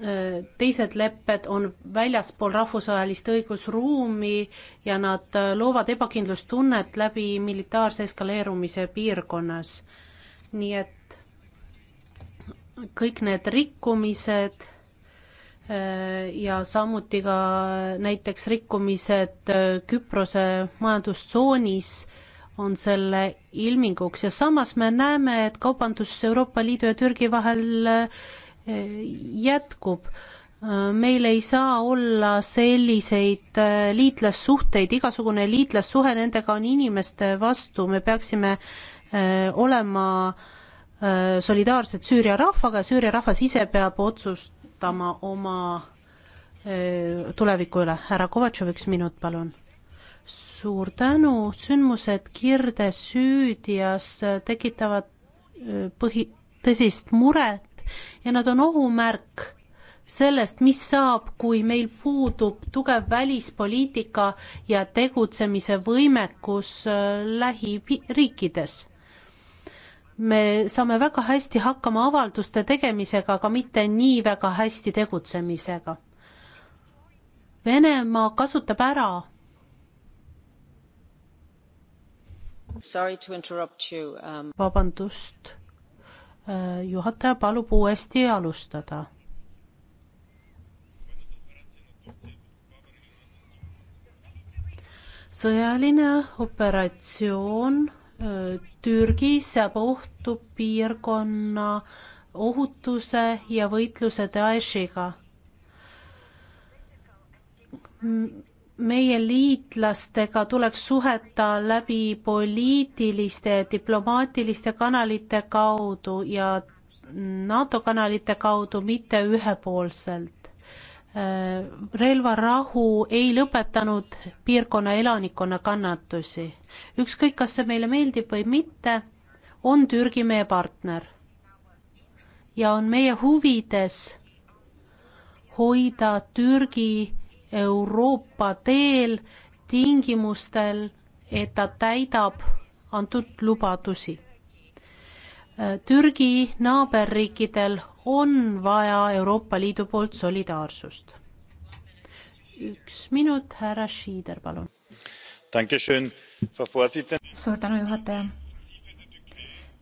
teised lepped on väljaspool rahvusvahelist õigusruumi ja nad äh, loovad ebakindlustunnet läbi militaarse eskaleerumise piirkonnas. nii et kõik need rikkumised äh, ja samuti ka näiteks rikkumised äh, Küprose majandustsoonis on selle ilminguks ja samas me näeme, et kaubandus Euroopa Liidu ja Türgi vahel jätkub. meil ei saa olla selliseid äh, liitlassuhteid, igasugune liitlassuhe nendega on inimeste vastu, me peaksime äh, olema äh, solidaarsed Süüria rahvaga ja Süüria rahvas ise peab otsustama oma tuleviku üle. härra Kovatšov, üks minut, palun suur tänu, sündmused Kirde-Süüdias tekitavad põhi, tõsist muret ja nad on ohumärk sellest, mis saab, kui meil puudub tugev välispoliitika ja tegutsemise võimekus äh, lähiriikides. me saame väga hästi hakkama avalduste tegemisega, aga mitte nii väga hästi tegutsemisega. Venemaa kasutab ära um, vabandust Äh, juhataja palub uuesti alustada. sõjaline operatsioon äh, Türgis puhtub piirkonna ohutuse ja võitluse Daeshiga meie liitlastega tuleks suheta läbi poliitiliste, diplomaatiliste kanalite kaudu ja NATO kanalite kaudu, mitte ühepoolselt. Äh, relvarahu ei lõpetanud piirkonna elanikkonna kannatusi. ükskõik, kas see meile meeldib või mitte, on Türgi meie partner. ja on meie huvides hoida Türgi Euroopa teel tingimustel, et ta täidab antud lubadusi. Türgi naaberriikidel on vaja Euroopa Liidu poolt solidaarsust. üks minut, härra Schieder, palun. suur tänu, juhataja.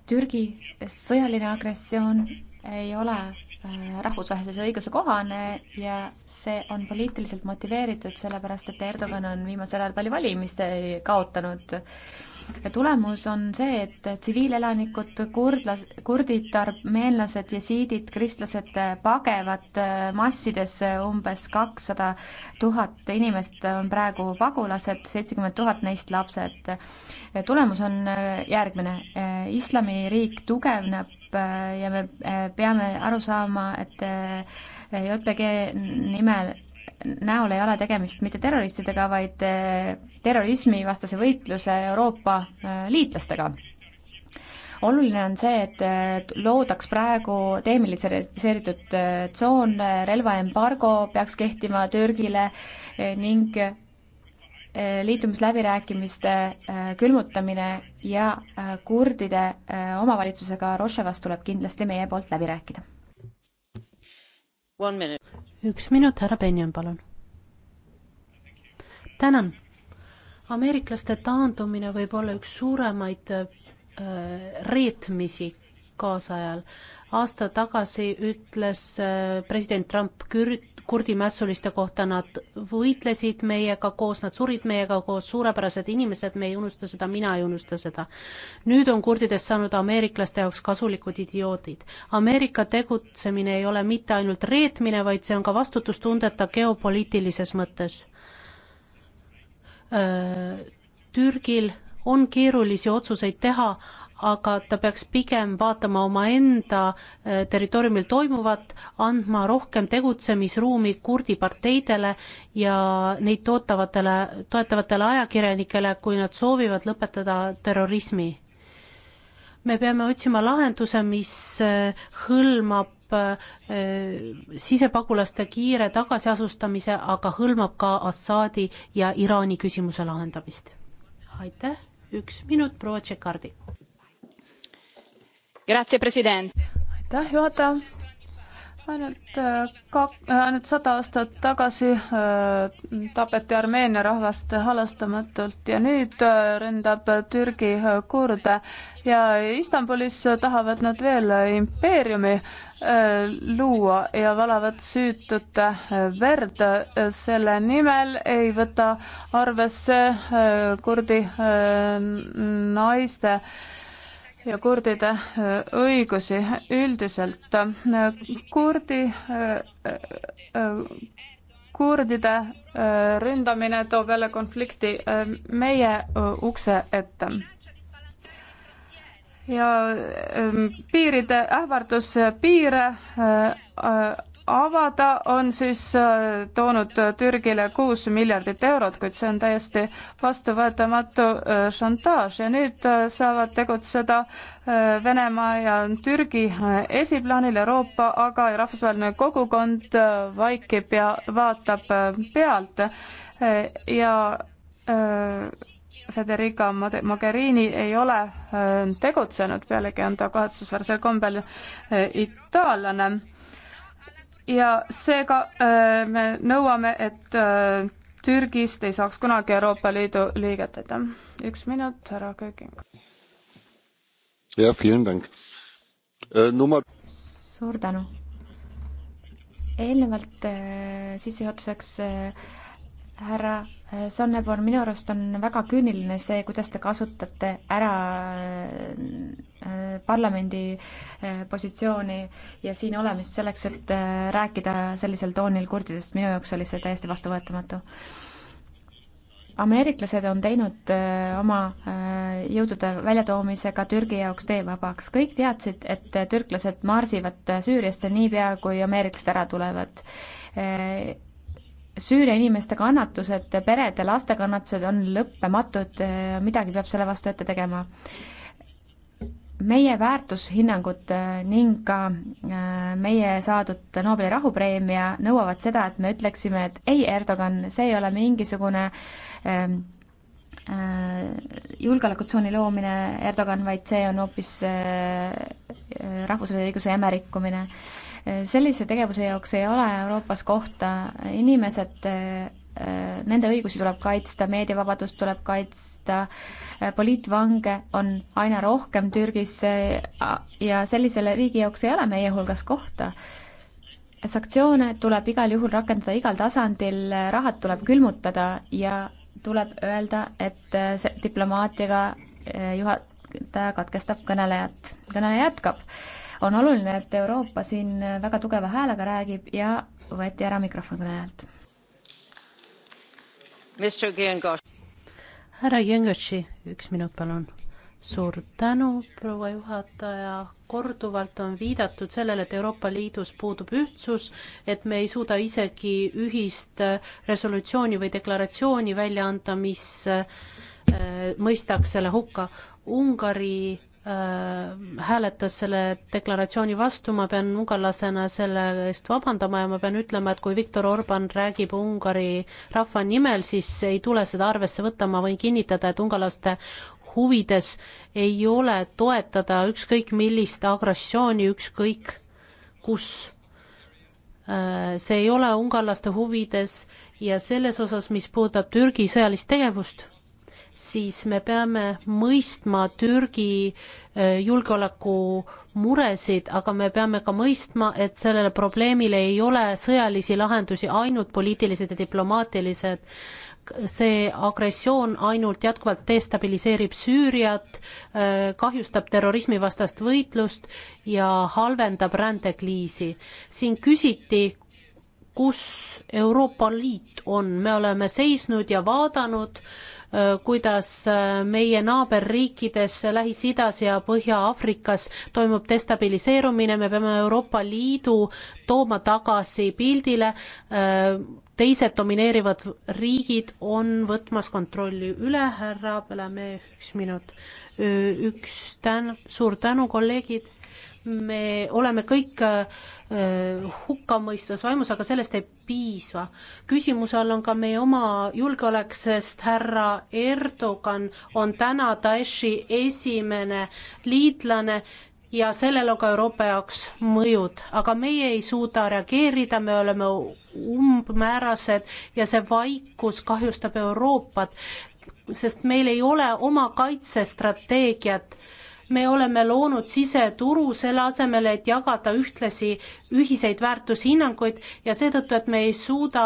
Türgi sõjaline agressioon ei ole Äh, rahvusvahelise õiguse kohane ja see on poliitiliselt motiveeritud, sellepärast et Erdogan on viimasel ajal palju valimisi kaotanud. tulemus on see, et tsiviilelanikud, kurdlas, kurdid, armeenlased, jesiidid, kristlased pagevad äh, massides, umbes kakssada tuhat inimest on praegu pagulased, seitsekümmend tuhat neist lapsed. tulemus on äh, järgmine, islamiriik tugevneb Äh, ja me äh, peame aru saama, et äh, JPG nimel näol ei ole tegemist mitte terroristidega, vaid terrorismivastase võitluse Euroopa liitlastega. oluline on see, et loodaks praegu demilitariseeritud tsoon, relvaembargo peaks kehtima Türgile ning Eh, liitumisläbirääkimiste eh, külmutamine ja eh, kurdide omavalitsusega Roševas tuleb kindlasti meie poolt läbi rääkida. üks minut, härra Benjon, palun. tänan. ameeriklaste taandumine võib olla üks suuremaid äh, reetmisi kaasajal. aasta tagasi ütles president Trump Kür-, kurdi mässuliste kohta, nad võitlesid meiega koos, nad surid meiega koos, suurepärased inimesed, me ei unusta seda, mina ei unusta seda. nüüd on kurdidest saanud ameeriklaste jaoks kasulikud idioodid. Ameerika tegutsemine ei ole mitte ainult reetmine, vaid see on ka vastutustundeta geopoliitilises mõttes. Äh, Türgil on keerulisi otsuseid teha, aga ta peaks pigem vaatama omaenda eh, territooriumil toimuvat, andma rohkem tegutsemisruumi kurdi parteidele ja neid tootavatele, toetavatele ajakirjanikele, kui nad soovivad lõpetada terrorismi. me peame otsima lahenduse, mis eh, hõlmab eh, sisepagulaste kiire tagasiasustamise, aga hõlmab ka Assaadi ja Iraani küsimuse lahendamist. aitäh, üks minut, proua Tšekardi aitäh, juhataja ainult äh, kak-, äh, ainult sada aastat tagasi äh, tapeti Armeenia rahvast halastamatult ja nüüd äh, ründab Türgi äh, kurde ja Istanbulis tahavad nad veel impeeriumi äh, luua ja valavad süütute verd. selle nimel ei võta arvesse kurdi naiste äh, ja kurdide äh, õigusi üldiselt. Äh, kurdi, äh, kurdide ründamine toob jälle konflikti meie ukse ette ja piiride, ähvardus piire avada, on siis äh, toonud Türgile kuus miljardit eurot, kuid see on täiesti vastuvõetamatu äh, šantaaž ja nüüd äh, saavad tegutseda Venemaa ja Türgi esiplaanil, Euroopa aga ja rahvusvaheline kogukond vaikib ja vaatab pealt ja Federica Mogherini ei ole tegutsenud, pealegi on ta kahetsusväärsel kombel itaallane ja seega äh, me nõuame, et äh, Türgist ei saaks kunagi Euroopa Liidu liiget, aitäh. üks minut, härra Kööking. jah, vielen dank äh,. Numma... suur tänu. eelnevalt äh, sissejuhatuseks äh, härra äh, Sonneborn, minu arust on väga küüniline see, kuidas te kasutate ära Äh, parlamendi äh, positsiooni ja siin olemist selleks, et äh, rääkida sellisel toonil kurdidest, minu jaoks oli see täiesti vastuvõetamatu. ameeriklased on teinud oma jõudude väljatoomisega Türgi jaoks tee vabaks, kõik teadsid, et türklased marsivad Süüriasse niipea, kui ameeriklased ära tulevad Süüria inimeste kannatused, perede, laste kannatused on lõppematud, midagi peab selle vastu ette tegema meie väärtushinnangud äh, ning ka äh, meie saadud Nobeli rahupreemia nõuavad seda, et me ütleksime, et ei, Erdogan, see ei ole mingisugune ähm, äh, julgeolekutsooni loomine, Erdogan, vaid see on hoopis rahvusvahelise õiguse jäme rikkumine. sellise tegevuse jaoks ei ole Euroopas kohta, inimesed, nende õigusi tuleb kaitsta, meediavabadust tuleb kaitsta, kohta. Äh, poliitvange on aina rohkem Türgis ja sellisele riigi jaoks ei ole meie hulgas kohta sanktsioone tuleb igal juhul rakendada igal tasandil, äh, rahad tuleb külmutada ja tuleb öelda, et äh, diplomaatiaga juhataja katkestab kõnelejat, kõneleja jätkab. on oluline, et Euroopa siin väga tugeva häälega räägib ja võeti ära mikrofon kõnelejalt härra Jõngõtši, üks minut, palun. suur tänu, proua juhataja. korduvalt on viidatud sellele, et Euroopa Liidus puudub ühtsus, et me ei suuda isegi ühist resolutsiooni või deklaratsiooni välja anda, mis äh, mõistaks selle hukka. Ungari Äh, hääletas selle deklaratsiooni vastu, ma pean ungarlasena selle eest vabandama ja ma pean ütlema, et kui Viktor Orban räägib Ungari rahva nimel, siis ei tule seda arvesse võtta, ma võin kinnitada, et ungarlaste huvides ei ole toetada ükskõik millist agressiooni ükskõik kus. Äh, see ei ole ungarlaste huvides ja selles osas, mis puudutab Türgi sõjalist tegevust siis me peame mõistma Türgi eh, julgeolekumuresid, aga me peame ka mõistma, et sellele probleemile ei ole sõjalisi lahendusi, ainult poliitilised ja diplomaatilised. see agressioon ainult jätkuvalt destabiliseerib Süüriat, eh, kahjustab terrorismivastast võitlust ja halvendab rändekriisi. siin küsiti, kus Euroopa Liit on, me oleme seisnud ja vaadanud äh, kuidas äh, meie naaberriikides Lähis-Idas ja Põhja-Aafrikas toimub destabiliseerumine, me peame Euroopa Liidu tooma tagasi pildile, äh, teised domineerivad riigid on võtmas kontrolli üle, härra Pelemees, üks minut. Äh, üks tän-, suur tänu, kolleegid me oleme kõik äh, hukkamõistvas vaimus, aga sellest ei piisa. küsimuse all on ka meie oma julgeolek, sest härra Erdogan on täna Daeshi esimene liitlane ja sellel on ka Euroopa jaoks mõjud, aga meie ei suuda reageerida, me oleme umbmäärased ja see vaikus kahjustab Euroopat, sest meil ei ole oma kaitsestrateegiat me oleme loonud siseturu selle asemel, et jagada ühtlasi ühiseid väärtushinnanguid ja seetõttu, et me ei suuda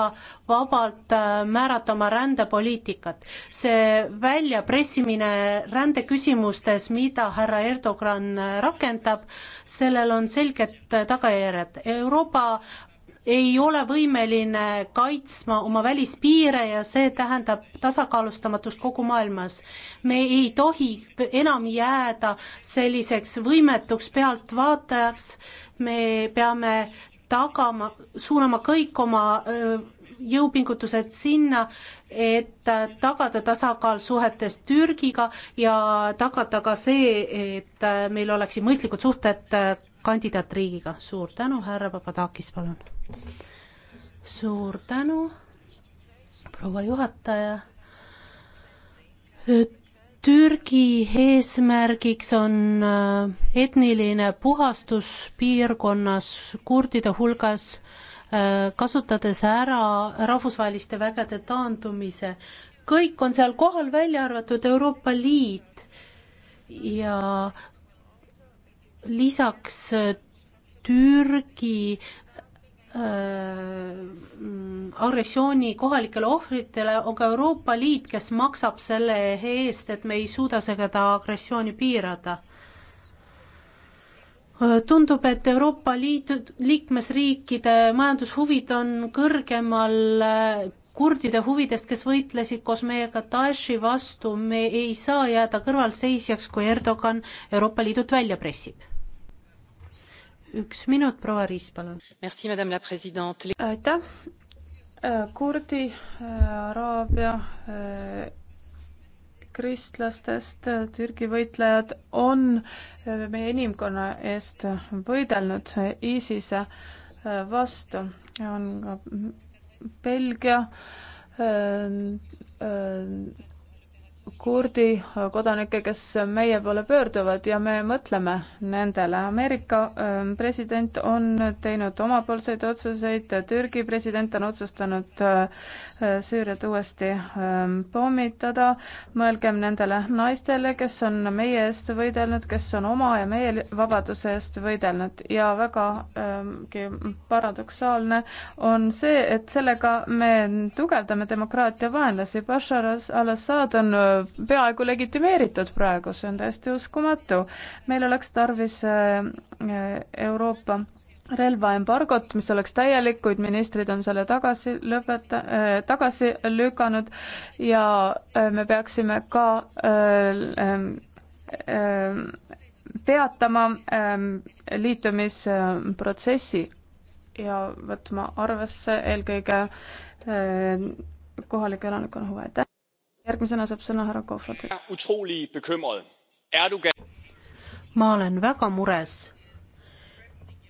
vabalt äh, määrata oma rändepoliitikat. see väljapressimine rändeküsimustes, mida härra Erdogan äh, rakendab, sellel on selged äh, tagajärjed. Euroopa ei ole võimeline kaitsma oma välispiire ja see tähendab tasakaalustamatust kogu maailmas. me ei tohi enam jääda selliseks võimetuks pealtvaatajaks, me peame tagama, suunama kõik oma jõupingutused sinna, et tagada tasakaal suhetes Türgiga ja tagada ka see, et äh, meil oleksid mõistlikud suhted äh, kandidaatriigiga. suur tänu, härra Papadakis, palun. suur tänu, proua juhataja. Türgi eesmärgiks on äh, etniline puhastus piirkonnas kurdide hulgas, äh, kasutades ära rahvusvaheliste vägede taandumise. kõik on seal kohal, välja arvatud Euroopa Liit ja lisaks äh, Türgi äh, agressiooni kohalikele ohvritele, on ka Euroopa Liit, kes maksab selle eest, et me ei suuda seda agressiooni piirata. Äh, tundub, et Euroopa Liidu liikmesriikide majandushuvid on kõrgemal kurdide huvidest, kes võitlesid koos meiega Daeshi vastu, me ei saa jääda kõrvalseisjaks, kui Erdogan Euroopa Liidut välja pressib üks minut, proua Riis, palun. aitäh. Äh, kurdi, äh, araabia äh, kristlastest Türgi võitlejad on meie inimkonna eest võidelnud ISISe vastu. on ka Belgia kurdi kodanikke, kes meie poole pöörduvad ja me mõtleme nendele. Ameerika ähm, president on teinud omapoolseid otsuseid, Türgi president on otsustanud äh, Süüriat uuesti ähm, pommitada. mõelgem nendele naistele, kes on meie eest võidelnud, kes on oma ja meie vabaduse eest võidelnud ja vägagi ähm, paradoksaalne on see, et sellega me tugevdame demokraatia vaenlasi. Bashar al-Assad on äh, peaaegu legitimeeritud praegu, see on täiesti uskumatu. meil oleks tarvis äh, äh, Euroopa relvaembargot, mis oleks täielik, kuid ministrid on selle tagasi lõpeta- äh,, tagasi lükanud ja äh, me peaksime ka äh, peatama äh, liitumisprotsessi ja võtma arvesse eelkõige kohalike elanikkonna huve, aitäh! järgmisena saab sõna härra Kohvrat. Er er ma olen väga mures.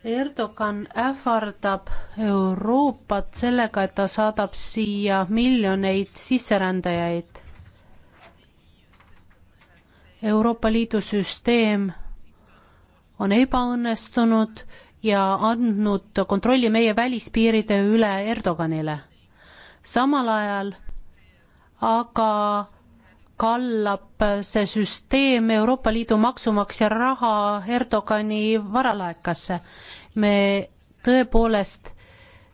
Erdogan ähvardab Euroopat sellega, et ta saadab siia miljoneid sisserändajaid. Euroopa Liidu süsteem on ebaõnnestunud ja andnud kontrolli meie välispiiride üle Erdoganile. samal ajal aga kallab see süsteem Euroopa Liidu maksumaksja raha Erdogani varalaekasse. me tõepoolest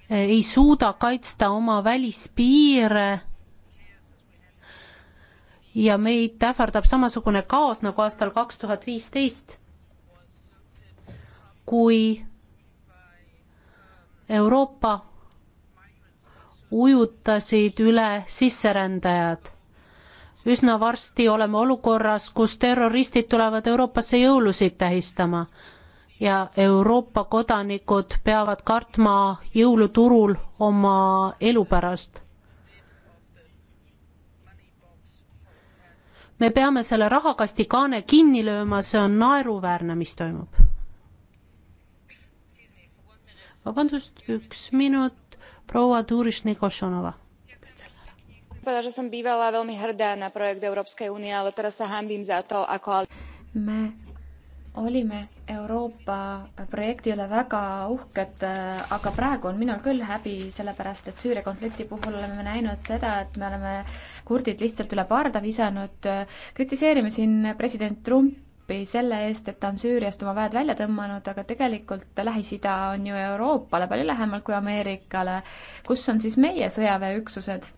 eh, ei suuda kaitsta oma välispiire ja meid ähvardab samasugune kaos nagu aastal kaks tuhat viisteist, kui Euroopa ujutasid üle sisserändajad. üsna varsti oleme olukorras, kus terroristid tulevad Euroopasse jõulusid tähistama ja Euroopa kodanikud peavad kartma jõuluturul oma elu pärast. me peame selle rahakasti kaane kinni lööma, see on naeruväärne, mis toimub. vabandust, üks minut proua Turiš-Nikošanova. povedala, že som bývala veľmi hrdá na projekt Európskej únie, ale teraz sa hambím za to, ako... me olime Euroopa projekti üle väga uhked, aga praegu on minul küll häbi, sellepärast et Süüria konflikti puhul oleme näinud seda, et me oleme kurdid lihtsalt üle parda visanud. kritiseerime siin president Trump appi selle eest, et ta on Süüriast oma väed välja tõmmanud, aga tegelikult Lähis-Ida on ju Euroopale palju lähemal kui Ameerikale. kus on siis meie sõjaväeüksused?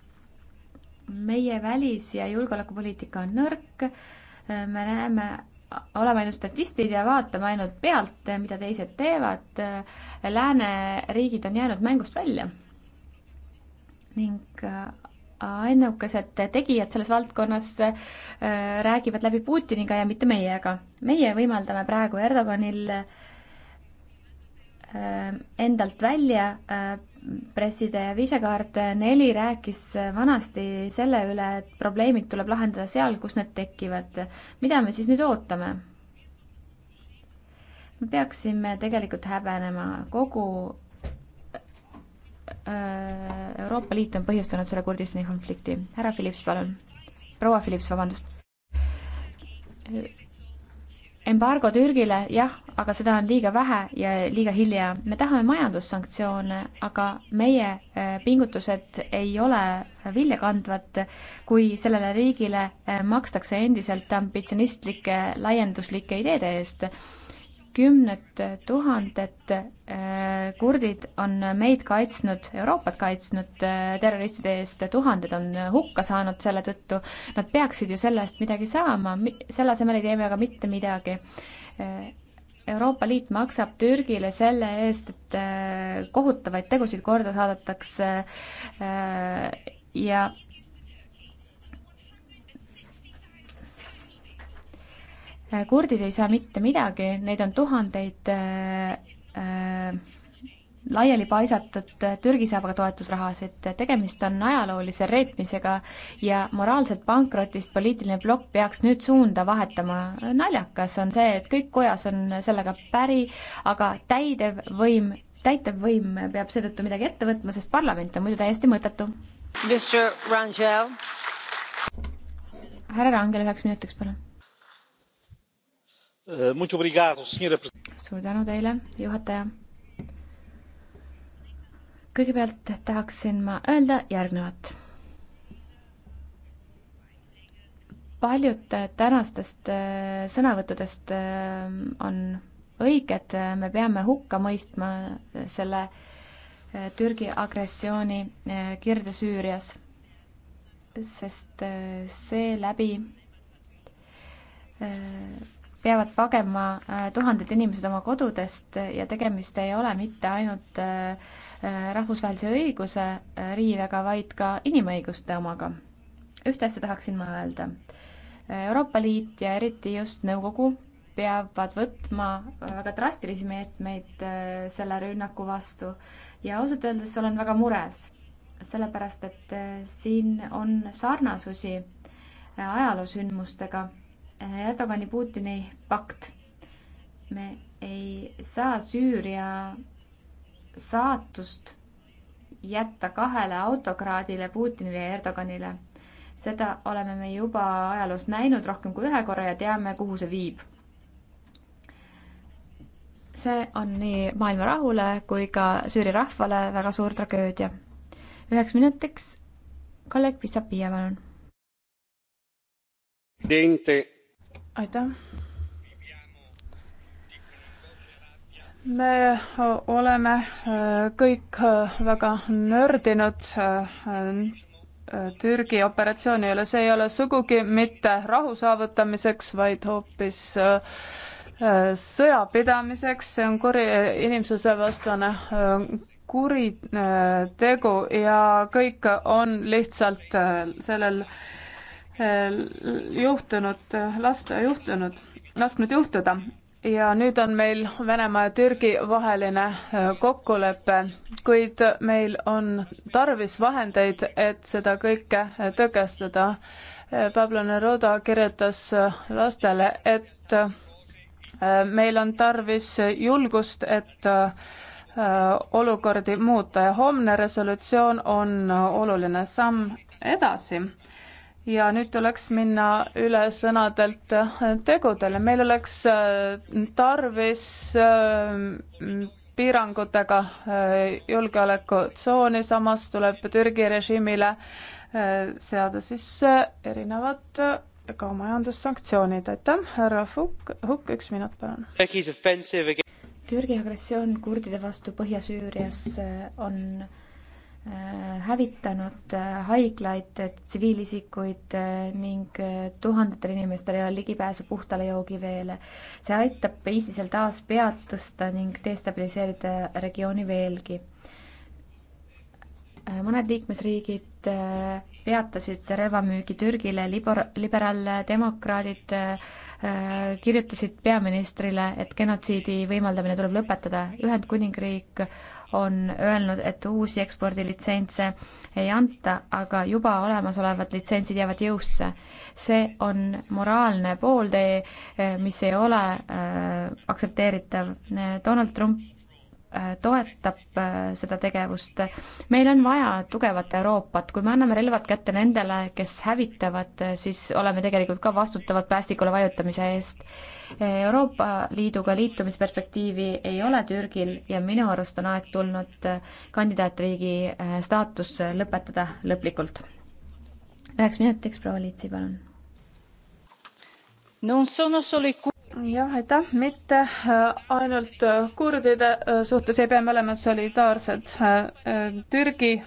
meie välis- ja julgeolekupoliitika on nõrk, me näeme oleme ainult statistid ja vaatame ainult pealt, mida teised teevad. lääneriigid on jäänud mängust välja. ning ainukesed tegijad selles valdkonnas äh, räägivad läbi Putiniga ja mitte meiega. meie võimaldame praegu Erdoganil äh, endalt välja äh, pressida ja Visegrad neli rääkis vanasti selle üle, et probleemid tuleb lahendada seal, kus need tekivad. mida me siis nüüd ootame? me peaksime tegelikult häbenema kogu Äh, Euroopa Liit on põhjustanud selle Kurdistani konflikti. härra Philips, palun. proua Philips, vabandust. embargo Türgile, jah, aga seda on liiga vähe ja liiga hilja. me tahame majandussanktsioone, aga meie äh, pingutused ei ole vilja kandvad, kui sellele riigile äh, makstakse endiselt ambitsionistlike laienduslikke ideede eest kümned tuhanded äh, kurdid on meid kaitsnud, Euroopat kaitsnud äh, terroristide eest, tuhanded on hukka saanud selle tõttu. Nad peaksid ju selle eest midagi saama, selle asemel ei tee me aga mitte midagi. Äh, Euroopa Liit maksab Türgile selle eest, et kohutavaid tegusid korda saadetakse ja Äh, kurdid ei saa mitte midagi, neid on tuhandeid äh, äh laiali paisatud äh, Türgi saab aga toetusrahasid, tegemist on ajaloolise reetmisega ja moraalselt pankrotist poliitiline plokk peaks nüüd suunda vahetama. naljakas on see, et kõik kojas on sellega päri, aga täidev võim, täitevvõim peab seetõttu midagi ette võtma, sest parlament on muidu täiesti mõttetu. härra Rangel üheks minutiks, palun Eh, suur tänu teile, juhataja. kõigepealt tahaksin ma öelda järgnevat. paljud tänastest eh, sõnavõttudest eh, on õiged, me peame hukka mõistma selle Türgi agressiooni Kirde-Süürias, sest seeläbi peavad pagema äh, tuhanded inimesed oma kodudest ja tegemist ei ole mitte ainult äh, äh, rahvusvahelise õiguse riivega, vaid ka inimõiguste omaga. ühte asja tahaksin ma öelda. Euroopa Liit ja eriti just nõukogu peavad võtma väga drastilisi meetmeid selle rünnaku vastu ja ausalt öeldes olen väga mures, sellepärast et siin on sarnasusi ajaloosündmustega Äh, Erdogani Putini pakt. me ei saa Süüria saatust jätta kahele autokraadile, Putinile ja Erdoganile. seda oleme me juba ajaloos näinud rohkem kui ühe korra ja teame, kuhu see viib. see on nii maailma rahule kui ka Süüria rahvale väga suur tragöödia. üheks minutiks kolleeg Pissapia, palun aitäh. me oleme kõik väga nördinud Türgi operatsiooni üle, see ei ole sugugi mitte rahu saavutamiseks, vaid hoopis sõjapidamiseks, see on kuri, inimsusevastane kuritegu ja kõik on lihtsalt sellel äh, Äh, juhtunud, lasta juhtunud, lasknud juhtuda ja nüüd on meil Venemaa ja Türgi vaheline äh, kokkulepe, kuid meil on tarvis vahendeid, et seda kõike äh, tõkestada. Pablo Neruda kirjutas lastele, et meil on tarvis julgust, et olukordi muuta ja homne resolutsioon on oluline samm edasi ja nüüd tuleks minna üle sõnadelt tegudele. meil oleks äh, tarvis äh, piirangutega äh, julgeolekutsooni, samas tuleb Türgi režiimile seada sisse erinevad ka majandussanktsioonid. aitäh, härra Fukk, Hukk, üks minut, palun. Türgi agressioon kurdide vastu Põhja-Süürias on äh, Äh, hävitanud äh, haiglaid, äh, tsiviilisikuid ning tuhandetele inimestele ei ole ligipääsu puhtale joogiveele. see aitab ISISel taas pead tõsta ning destabiliseerida regiooni veelgi. mõned liikmesriigid peatasid relvamüügi Türgile, libor-, liberaaldemokraadid kirjutasid peaministrile, et genotsiidi võimaldamine tuleb lõpetada. Ühendkuningriik on öelnud, et uusi ekspordilitsentse ei anta, aga juba olemasolevad litsentsid jäävad jõusse. see on moraalne pooltee, eh, mis ei ole äh, aktsepteeritav. Donald Trump Äh, toetab äh, seda tegevust. meil on vaja tugevat Euroopat, kui me anname relvad kätte nendele, kes hävitavad, äh, siis oleme tegelikult ka vastutavad päästikule vajutamise eest. Euroopa Liiduga liitumisperspektiivi ei ole Türgil ja minu arust on aeg tulnud kandidaatriigi staatus lõpetada lõplikult. üheks minutiks, proua Liitsi, palun jah, aitäh, mitte äh, ainult äh, kurdide äh, suhtes ei pea me olema solidaarsed. Türgi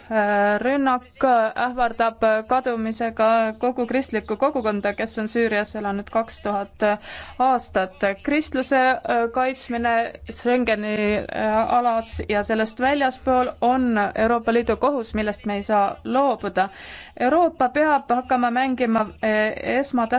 rünnak ähvardab kadumisega kogu kristlikku kogukonda, kes on Süürias elanud kaks tuhat aastat. kristluse kaitsmine Schengeni alas ja sellest väljaspool on Euroopa Liidu kohus, millest me ei saa loobuda. Euroopa peab hakkama mängima esmatähtsat